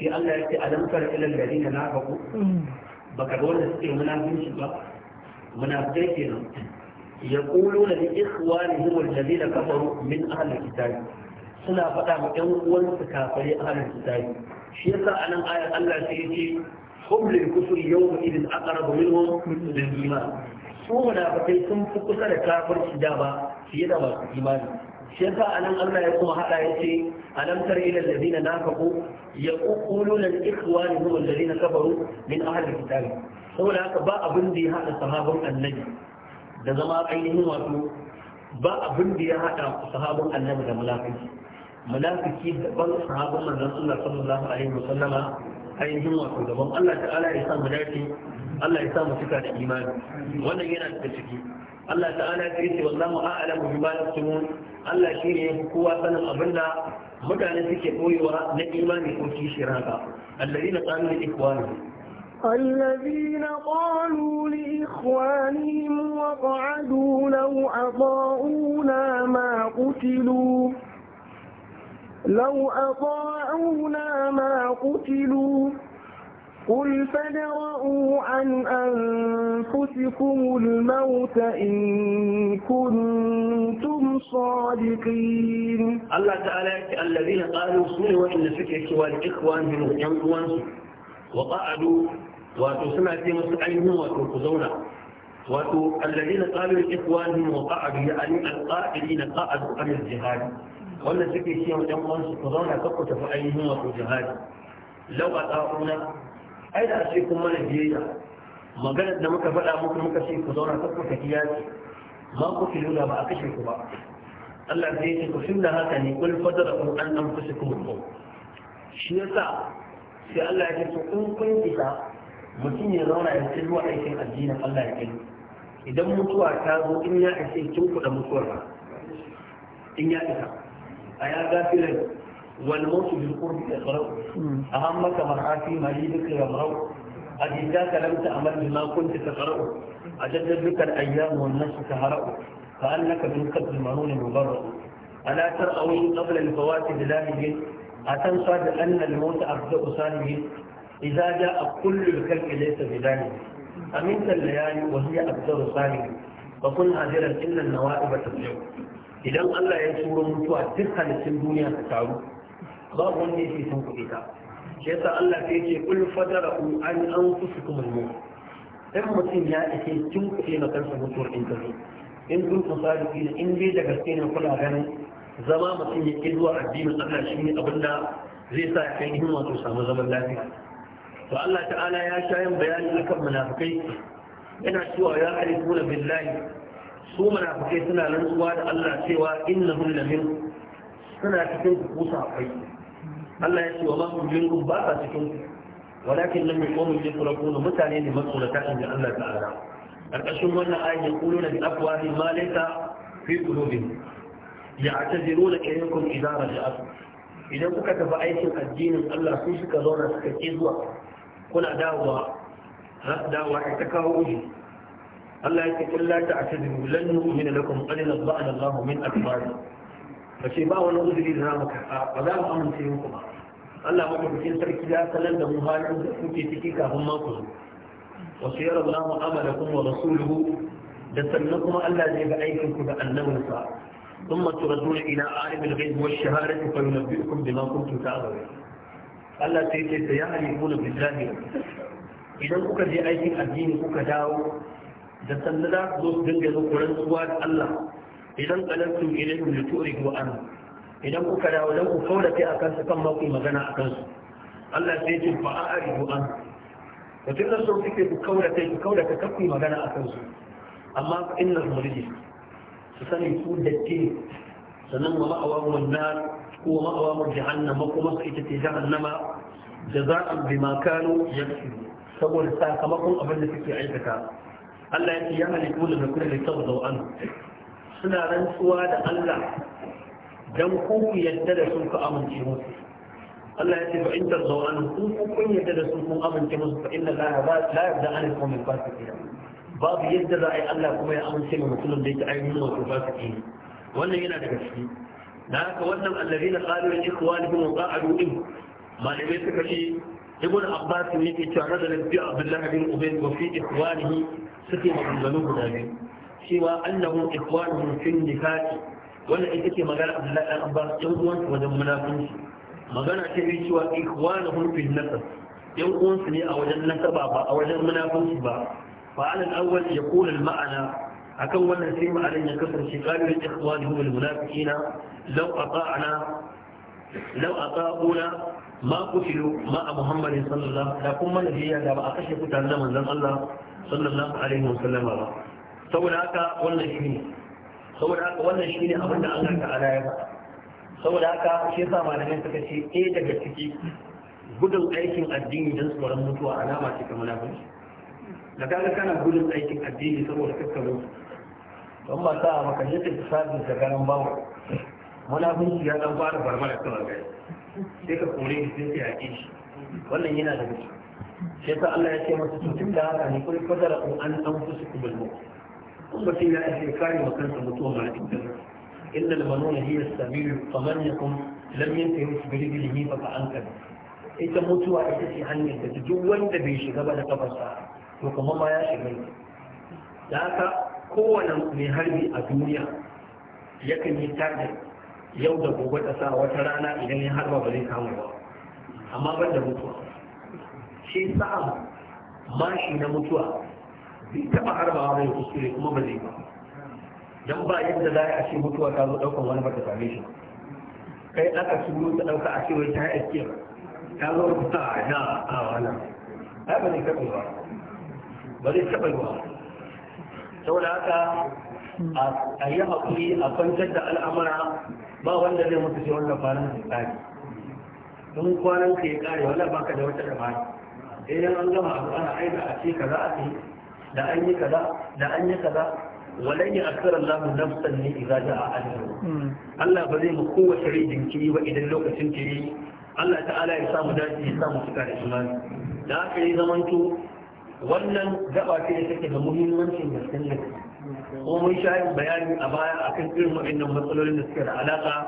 Speaker 3: sai Allah ya ce wanda suke ba munafikai kenan yaquluna li ikhwanihim alladhina kafaru min ahli alkitab suna faɗa ma ƴan uwansu kafare ahli alkitab shi yasa anan ayar Allah sai yace hum lil kufri yawma idin aqrabu minhum lil iman su munafikai sun fi kusa da kafirci da ba fiye da masu imani shi yasa anan Allah ya kuma hada yace alam tar ila alladhina nafaqu yaquluna li ikhwanihim alladhina kafaru min ahli alkitab saboda haka ba abin da ya haɗa sahabin annabi da zama ainihin wato ba abin da ya haɗa sahabin annabi da munafiki munafiki daban sahabin manzon Allah sallallahu alaihi wasallama ainihin wato daban Allah ta'ala ya sa mu dace Allah ya sa mu cika da imani wannan yana da ciki Allah ta'ala ya ce wallahu a'lamu bima yaktumun Allah shi ne yafi kowa sanin abin da mutane suke koyewa na imani ko kishira haka alladina qalu li ikhwanihim
Speaker 2: الذين قالوا لإخوانهم وقعدوا لو أطاعونا ما قتلوا لو أطاعونا ما قتلوا قل فدرؤوا عن أنفسكم الموت إن كنتم صادقين
Speaker 3: الله تعالى الذين قالوا سنوا إن سكرك والإخوان من غيان وقعدوا وتسمعتي مستعين وتنفذونه الذين قالوا لإخوانهم وقعبه أن يعني القائلين قائلوا عن الجهاد وأن ذكي شيئا جمعون ستضعون فقط فأيهم وفي الجهاد لو أطاعونا أين أشيكم من الجهاد ما قالت نمك فلا ممكن مك شيء فضعون فقط كياس ما قلت لولا ما أكشف بعض الله عزيزي كفهم لها تاني كل فضل أن أنفسكم الموت شيئا سأل الله عزيزي كنت mutum ya zauna ya ci zuwa aikin addinin Allah ya kai idan mutuwa ta zo in ya ishe kin kuɗa mutuwar ba in ya isa a ya gafirin wal mautu bil qurbi ya tsarau a hammaka mar'afi malibika ya marau a jita kalamta amal bima kunta tasarau a jaddaduka al-ayyam wan nasu taharau fa annaka bil qadri marun mubarrak ألا ترأوا قبل الفوات لاهج أتنصد أن الموت أبدأ صالح إذا جاء كل الكلب ليس بذلك أمنت الليالي وهي أكثر صالح فكن هاجرا إن النوائب تبلغ إذا الله يسور متوى تلك الدنيا تتعب باب وني في سنك إذا شيخ الله تيجي كل فترة عن أنفسكم الموت إن متين يا إخي تنك إلى كنس مطور إنتهي إن كنتم صادقين إن بي دقستين كل أغاني zama mutum ya ƙi zuwa addinin Allah shi ne abin da zai sa ya kai wato samu zaman lafiya to Allah ta'ala ya sha yin bayani akan munafikai yana cewa ya halifuna billahi su munafikai suna rantsuwa da Allah cewa innahum lamin suna cikin ku safai Allah ya ce wa mahum minkum ba sa cikin ku walakin lam yakunu yafraquna mutane ne masu masulata inda Allah ta'ala Ƙarƙashin wannan ayin na bi afwahi ma laysa fi kulobin. Ya a da ya'taziruna ilaykum da asu. idan kuka tafi aikin addinin Allah sun suka zauna suka ke zuwa kuna dawowa za su dawowa ya ta kawo uji Allah ya ce kulla a tazimu lan nu'mina lakum qad nabba'ana Allah min akbar kace ba wani uzuri da zamu karɓa ba za mu amince muku ba Allah madaukakin sarki ya sanar da mu halin da kuke ciki kafin ma ku zo wa sayara Allah kuma wa rasuluhu da sannan kuma Allah zai ga aikin ku da annabinsa ثم تردون إلى عالم الغيب والشهادة فينبئكم بما كنتم تعملون Allah sai ce ta yahari kuna billahi idan kuka je aikin addini kuka dawo da sannu za zo su dinga zo kuran tsuwa da Allah idan kalantu ilaihim li turidu an idan kuka dawo dan ku kaura kai akan su kan ma magana akan su Allah sai ce fa a'ridu an to tunda so kike ku kaura kai ku kaura ka kafi magana akan su amma fa innal murji su sani su datti sannan wa ma'awahum an-nar ko ma'awamar jahannama kuma su ita ce jahannama bi bima kanu yakfi saboda sakamakon abin da suke aikata Allah ya ce ya kuma da da kullu tawzaw an suna rantsuwa da Allah dan ku yadda da sun ka amince musu Allah ya ce fa in tarzaw an ku kun yadda da sun kun amince musu fa inna la la yabda an al-qawm al-fasiqin babu yadda za a yi Allah kuma ya amince mu mutumin da yake ainihin wato fasiki wannan yana daga ciki da haka wannan allazina qalu li ikhwanihim wa qa'adu in malamai suka ce ibn abbas ne ke cewa nazarin bi abdullahi bin ubay wa fi ikhwanihi suke maganganu guda biyu cewa annahum ikhwanuhum fi nifaqi wannan ita ce magana abdullahi dan abbas yan uwan wajen munafunci magana ce ne cewa ikhwanuhum fi nasab yan uwansu ne a wajen nasaba ba a wajen munafunci ba fa alal awwal yaqulu al ma'ana akan wannan sai ma'anan ya kasance qalul ikhwanuhum al munafiqina lau a tsa'ana lau a tsa'una ma kutilu ma a muhammadin sallallahu da kuma nabiya da ba a kashe mutane da manzon Allah sallallahu alaihi wasallam ba saboda haka wannan shine saboda haka wannan shine abin da Allah ta'ala ya faɗa saboda haka shi yasa malamai suka ce eh daga ciki gudun aikin addini don tsoron mutuwa alama ce ta munafiki da kaga kana gudun aikin addini saboda kakka mutu don ba sa maka yadda ta sabin da garan bawa munafunci ya dan fara farmar kan gari sai ka kore shi sai ya yake shi wannan yana da mutu. sai ta Allah ya ce masa to tun da haka ne kun fadara kun an an fusu kubul mu kun ba ya ake kare wa kansa mutuwa mala'ikan inna al-manuna hiya as-sabil faman yakum lam yantahi bi rijlihi fa ka'anka ita mutuwa ita ce hanyar da duk wanda bai shiga ba da kafarsa to kuma ma ya shiga ne da haka kowane mai harbi a duniya yakan yi target yau da gobe ta sa wata rana idan ya harba ba zai samu ba amma ban da mutuwa shi sa'an mashi na mutuwa bai harba harbawa mai kuskure kuma ba zai ba don ba yadda za a ce mutuwa ta zo daukan wani ba ta same shi kai aka turo ta dauka a ce wai ta yi ta zo a na a wana. ai ba zai taɓa ba ba zai taba ba saboda haka a yi haƙuri a kwantar da al'amura ba wanda zai mutu sai wanda kwanan su tsari don kwanan ka ya kare wala baka da wata dabara idan an gama abu ana aida a ce za a ce da an yi kaza da an yi kaza walan ya akara Allah nafsan ne da a ajalu Allah ba zai mu kowace rai jinkiri ba idan lokacin kiri. yi Allah ta'ala ya samu dace ya samu suka da imani da haka yi zamanto wannan gaba ce da take da muhimmancin gaskiya ko mun sha bayani a baya akan irin waɗannan matsalolin da suke da alaƙa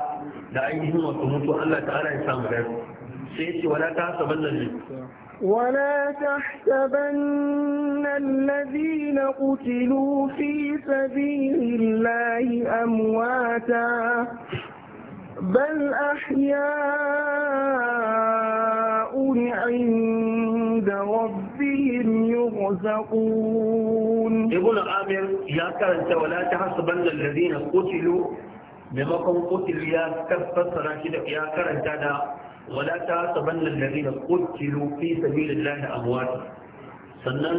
Speaker 3: da ainihin wasu mutu Allah ta'ala ya samu gari sai ya ce wala ta saban nan ne
Speaker 2: ولا تحسبن الذين قتلوا في سبيل الله أمواتا بل أحياء عند ربهم يرزقون ابن
Speaker 3: عامر يا كرنت ولا تحسبن الذين قتلوا بمقام قتل يا كفر يا كرنت ولا تحسبن الذين قتلوا في سبيل الله امواتا sannan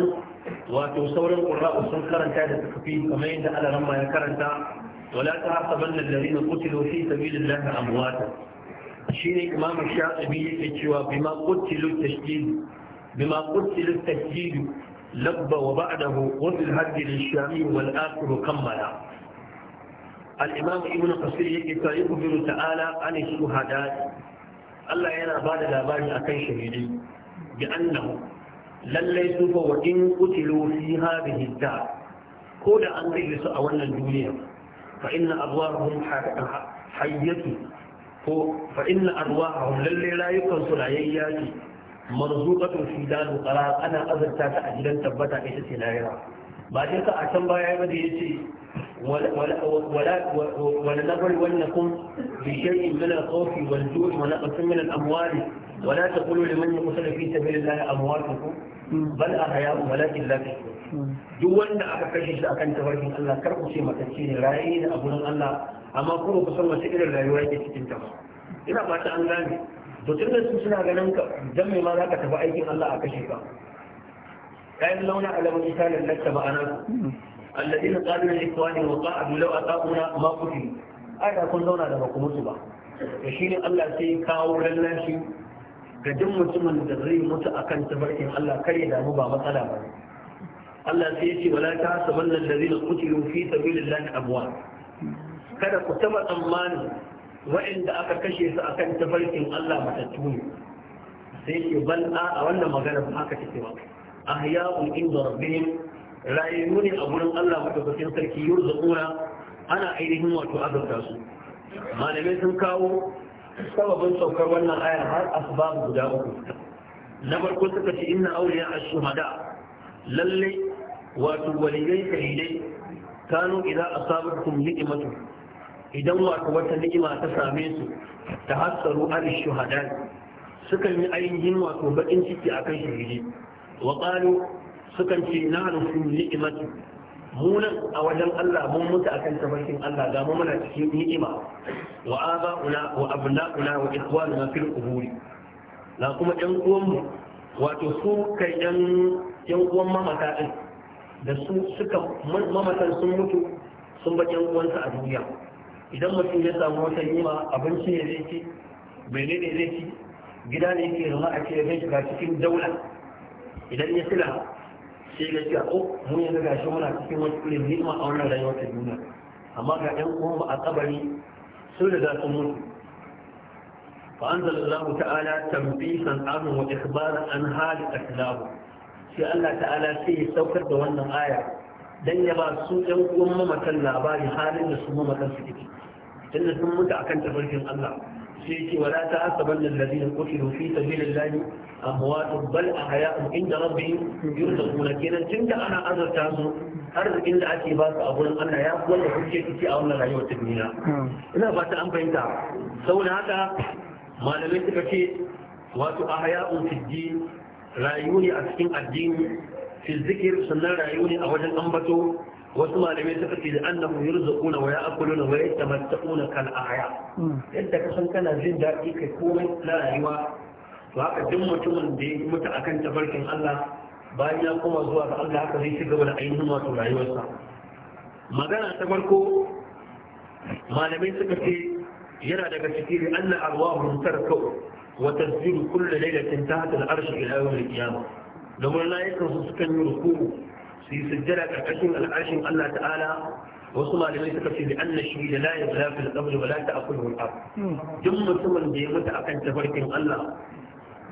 Speaker 3: wato sauran ƙura'u sun karanta da suka kamar yadda alaramma ya karanta wala ta hasaban da lalina kutilu fi sabilillahi amwata shi ne imam shafi yake cewa bima qutilu tashdid bima qutilu tashdid labba wa ba'dahu wa bil haddi lishami wal akhir kammala al-imam ibn qasir yake ta yukhbiru ta'ala an shuhada Allah yana ba da labari akan shahidai bi annahu lallai su fa wa in qutilu fi hadhihi dar ko da an zai su a wannan duniya fa inna abwaahum hayyatu ko fa inna arwahum lalle rayukan su rayayya ce marzuqatun fi dalu qara ana azurta ta a gidan tabbata ita ce lahira ba sai ka a can baya ba da yace wala nabari wannakum bi shay'in min al-khawfi wal-ju'i wa naqsin min al-amwali ولا تقولوا لمن يقتل في سبيل الله امواتكم بل احياء ولكن لا تشكرون duk wanda aka kashe shi akan tafarkin Allah kar ku ce matacce ne raye ne a gurin Allah amma kuma ku san wace irin rayuwa yake cikin ta ina fata an gane to tun da su suna ganin ka dan mai ma za ka tafi aikin Allah a kashe ka كان لو نعلم قتالا لاتبعناكم الذين قالوا لاخوانهم وقعدوا لو اطاعونا ما قتلوا انا كن لو نعلم كمتبع فشين الله سي كاو للاشي ga duk mutumin da zai mutu akan tabarkin Allah kare da mu ba matsala ba Allah sai ya ce wala ta sabanna allazina qutilu fi kada ku taba tsammani wa'inda aka kashe su akan tabarkin Allah matattu ne sai ce bal a wannan magana haka take ba ahya'un inda rabbihim rayuwa ne a gurin Allah madaukakin sarki yurzaquna ana ainihin wato azabta su malamai sun kawo sababin saukar wannan aya har asbab guda uku na farko suka ce inna awliya ash-shuhada lalle wato waliyai shahidai kanu idza asabatkum ni'matu idan wato wata ni'ima ta same su ta hassaru al shuhada sukan yi ainihin wato bakin ciki akan shahidi Waƙalu qalu sukan ce nahnu fi ni'mati mu nan a wajen Allah mun mutu a kan tabarkin Allah ga mu muna cikin ni'ima wa aba'una wa abna'una wa ikhwanuna fil quburi na kuma ɗan uwan mu wato su kai ɗan ɗan uwan mamata din da su suka mamatan sun mutu sun ba ɗan uwansa a duniya idan mutum ya samu wata ni'ima abinci ne zai ci bai ne zai ci gida ne ke zama a ce zai shiga cikin daula idan ya sila sai ga cewa ko oh, mun yanzu ga shi muna cikin wani irin nima a wannan rayuwar ta duniya amma ga ɗan uwan a kabari sun da sun mutu fa anzalallahu ta'ala tanbihan anhu wa ikhbaran an hali aslahu sai Allah ta'ala sai ya saukar da wannan aya dan ya ba su ɗan uwan mamatan labarin halin da su mamatan suke ciki tunda sun mutu akan tafarkin Allah sai ke wa ta aka banda lalazi da kuke rufi ta bilin layu a mawato a haya a inda rabbi da kuna kenan tun da ana azurta su har da inda ake ba a abu nan ana ya kuwa kuke kuke a wannan rayuwar ta nuna ina ba ta an fahimta saboda haka malamai suka ce wato a haya a rayu ne a cikin addini fiziki sannan rayu ne a wajen ambato wasu malamai suka ce da annahu yurzaquna wa ya'kuluna wa yatamatta'una kal aya hmm. yadda ka san kana jin daɗi kai komai na rayuwa to haka duk mutumin da ya mutu akan tabarkin Allah bayan ya koma zuwa ga Allah haka zai ci gaba da ainihin wato rayuwarsa magana ta farko malamai suka ce yana daga cikin anna arwahum tarkau wa tasjudu kullu lailatin tahta al-arsh ila yawm al-qiyamah domin layukan su sukan yi ruku'u su yi sujjada karkashin al'arshin Allah ta'ala wasu malamai suka ce da annan shi da layin da lafi alƙabul a ta akul duk mutumin da ya mutu akan tafarkin Allah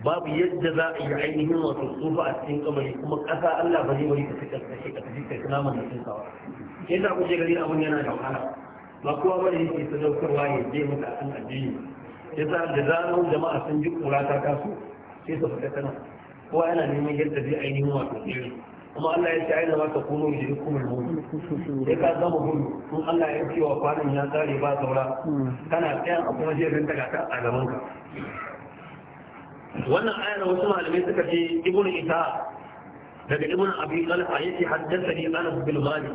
Speaker 3: babu yadda za a yi ainihin wasu tsufa a cikin kamari kuma ƙasa Allah ba zai bari ka fi ƙarƙashi ka fi ƙarƙashi naman da tsinkawa yadda gari abun yana da wahala ba kowa bane yake sadaukarwa ya je akan ta sai kowa yana neman yadda zai ainihin wato kuma Allah ya ce aina maka kuno da hukum al-mu'min sai ka zama gudu in Allah ya ce wa kwanan ya tsare ba saura kana tsaya a kuma jerin daga ta a gaban ka wannan aya ayar wasu malamai suka ce ibnu isa daga ibnu abi talha yace haddathani anas bin malik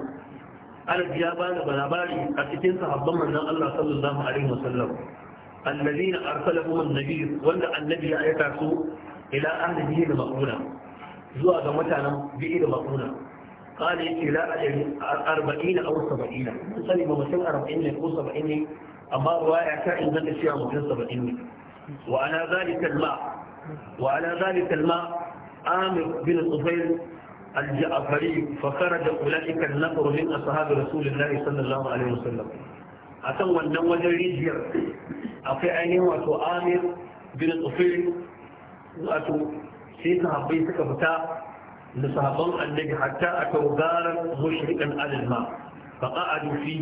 Speaker 3: anas ya bani labari a cikin sahabban manzon Allah sallallahu alaihi wasallam الذين أرسلهم النبي وأن النبي آياته إلى أهله المأمونة zuwa ga mutanen bi'i da قال يجي لا أدري أربعين أو سبعين سني ممثل أربعين أو سبعين أما رواية كائن من الشيء ممثل سبعين وعلى ذلك الماء وعلى ذلك الماء آمر بن الطفيل الجعفري فخرج أولئك النفر من أصحاب رسول الله صلى الله عليه وسلم أتم والنوج الرجير أفعين وتؤمر بن الطفيل وأتو sai sahabbai suka fita da sahabban annabi hatta aka garan mushrikan alalma fa qa'adu fi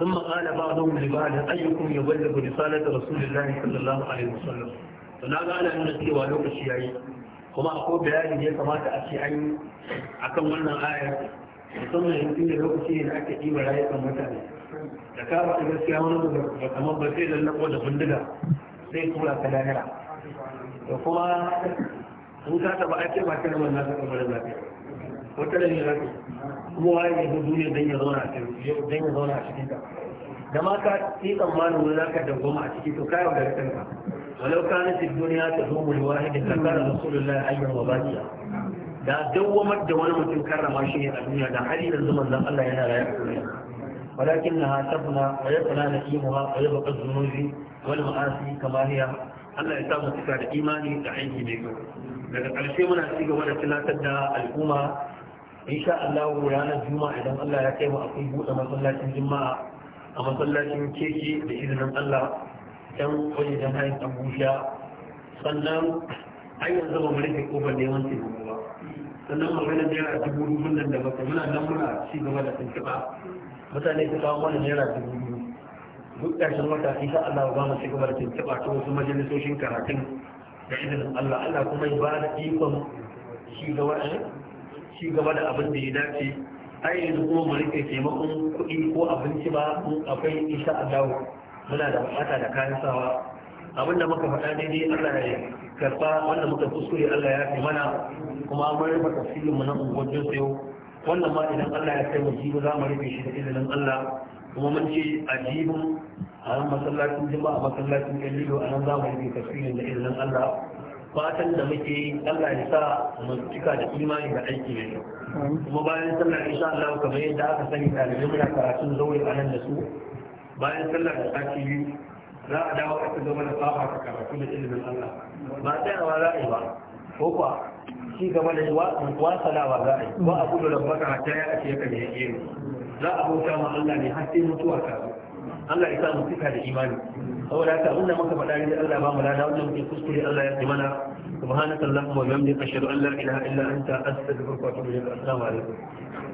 Speaker 3: ثم قال بعضهم لبعض ايكم يبلغ رساله رسول الله صلى الله عليه وسلم فناغا ana nuna cewa lokaci yayi kuma akwai bayani da ya kamata a ce an yi akan wannan ayar musamman yanzu da lokaci ne da ake ɗiba rayukan mutane da ka ba gaskiya wani ba kamar ba sai lallabo da bindiga sai tura ta lahira da kuma in ka taba ake ba ta ruwan nasa kamar da zafi wata da ne rafi kuma waye ne hudu ne don ya zauna a cikin don ya zauna a cikin ta da ma ka yi tsammanin wani naka da goma a ciki to kayan da kanka walau kana fi duniya ta zo mu wahidi ka kana rasulullahi ayyuhan wa baqiya da dawwamar da wani mutum karrama shi ne a duniya da har yanzu manzon Allah yana rayar da duniya ولكنها تبنى ويبنى نسيمها ويبقى الذنوب والمعاصي كما هي Allah ya samu cika da imani da aiki mai kyau daga ƙarshe muna ci gaba da tilatar da al'umma insha Allah ranar juma'a idan Allah ya kai mu akwai buɗe masallacin juma'a a masallacin keke da izinin Allah dan wajen hayin Abuja sannan ai yanzu ba mu rike kofar neman taimako ba sannan mu maganar naira dubu rubun nan da baka muna nan muna ci gaba da tuntuɓa mutane su kawo mana naira dubu duk ƙarshen wata insha Allah ba mu ci gaba da tuntuɓa ta wasu majalisoshin karatun da izinin Allah Allah kuma ya ba da ikon shi eh, gaba da abin da ya dace ai yanzu kuma mu rike taimakon kuɗi ko abinci ba mu akwai insha Allah muna da bukata da kayan sawa abin da muka faɗa daidai Allah ya karba wanda muka kuskure Allah ya fi mana kuma mun rufe tafsirin mu na ungwajin sayo wannan ma idan Allah ya kai mu jibi za mu rufe shi da izinin Allah kuma mun ce a a nan masallacin jima'a masallacin kallilo a nan zamani mai tafsirin da izinin Allah fatan da muke Allah ya sa mu cika da imani da aiki mai kuma bayan sallar insha Allah kamar yadda aka sani talibai muna karatun zaure a nan da su bayan sallar da sati yi za a dawo cikin zama da fafa ka karatu da ilimin Allah ba tsayawa za a yi ba ko kuwa shi gaba da wasalawa za a yi ba a gudu da baka ta ya ce yakan yake mu za a bauta ma Allah ne har sai mutuwa ka zo Allah ya sa mu fita da imani saboda haka abinda muka faɗa ne Allah ba mu lada wannan muke kuskure Allah ya ji mana subhanakallahumma wa bihamdika ashhadu an la ilaha illa anta astaghfiruka wa atubu ilaik assalamu alaikum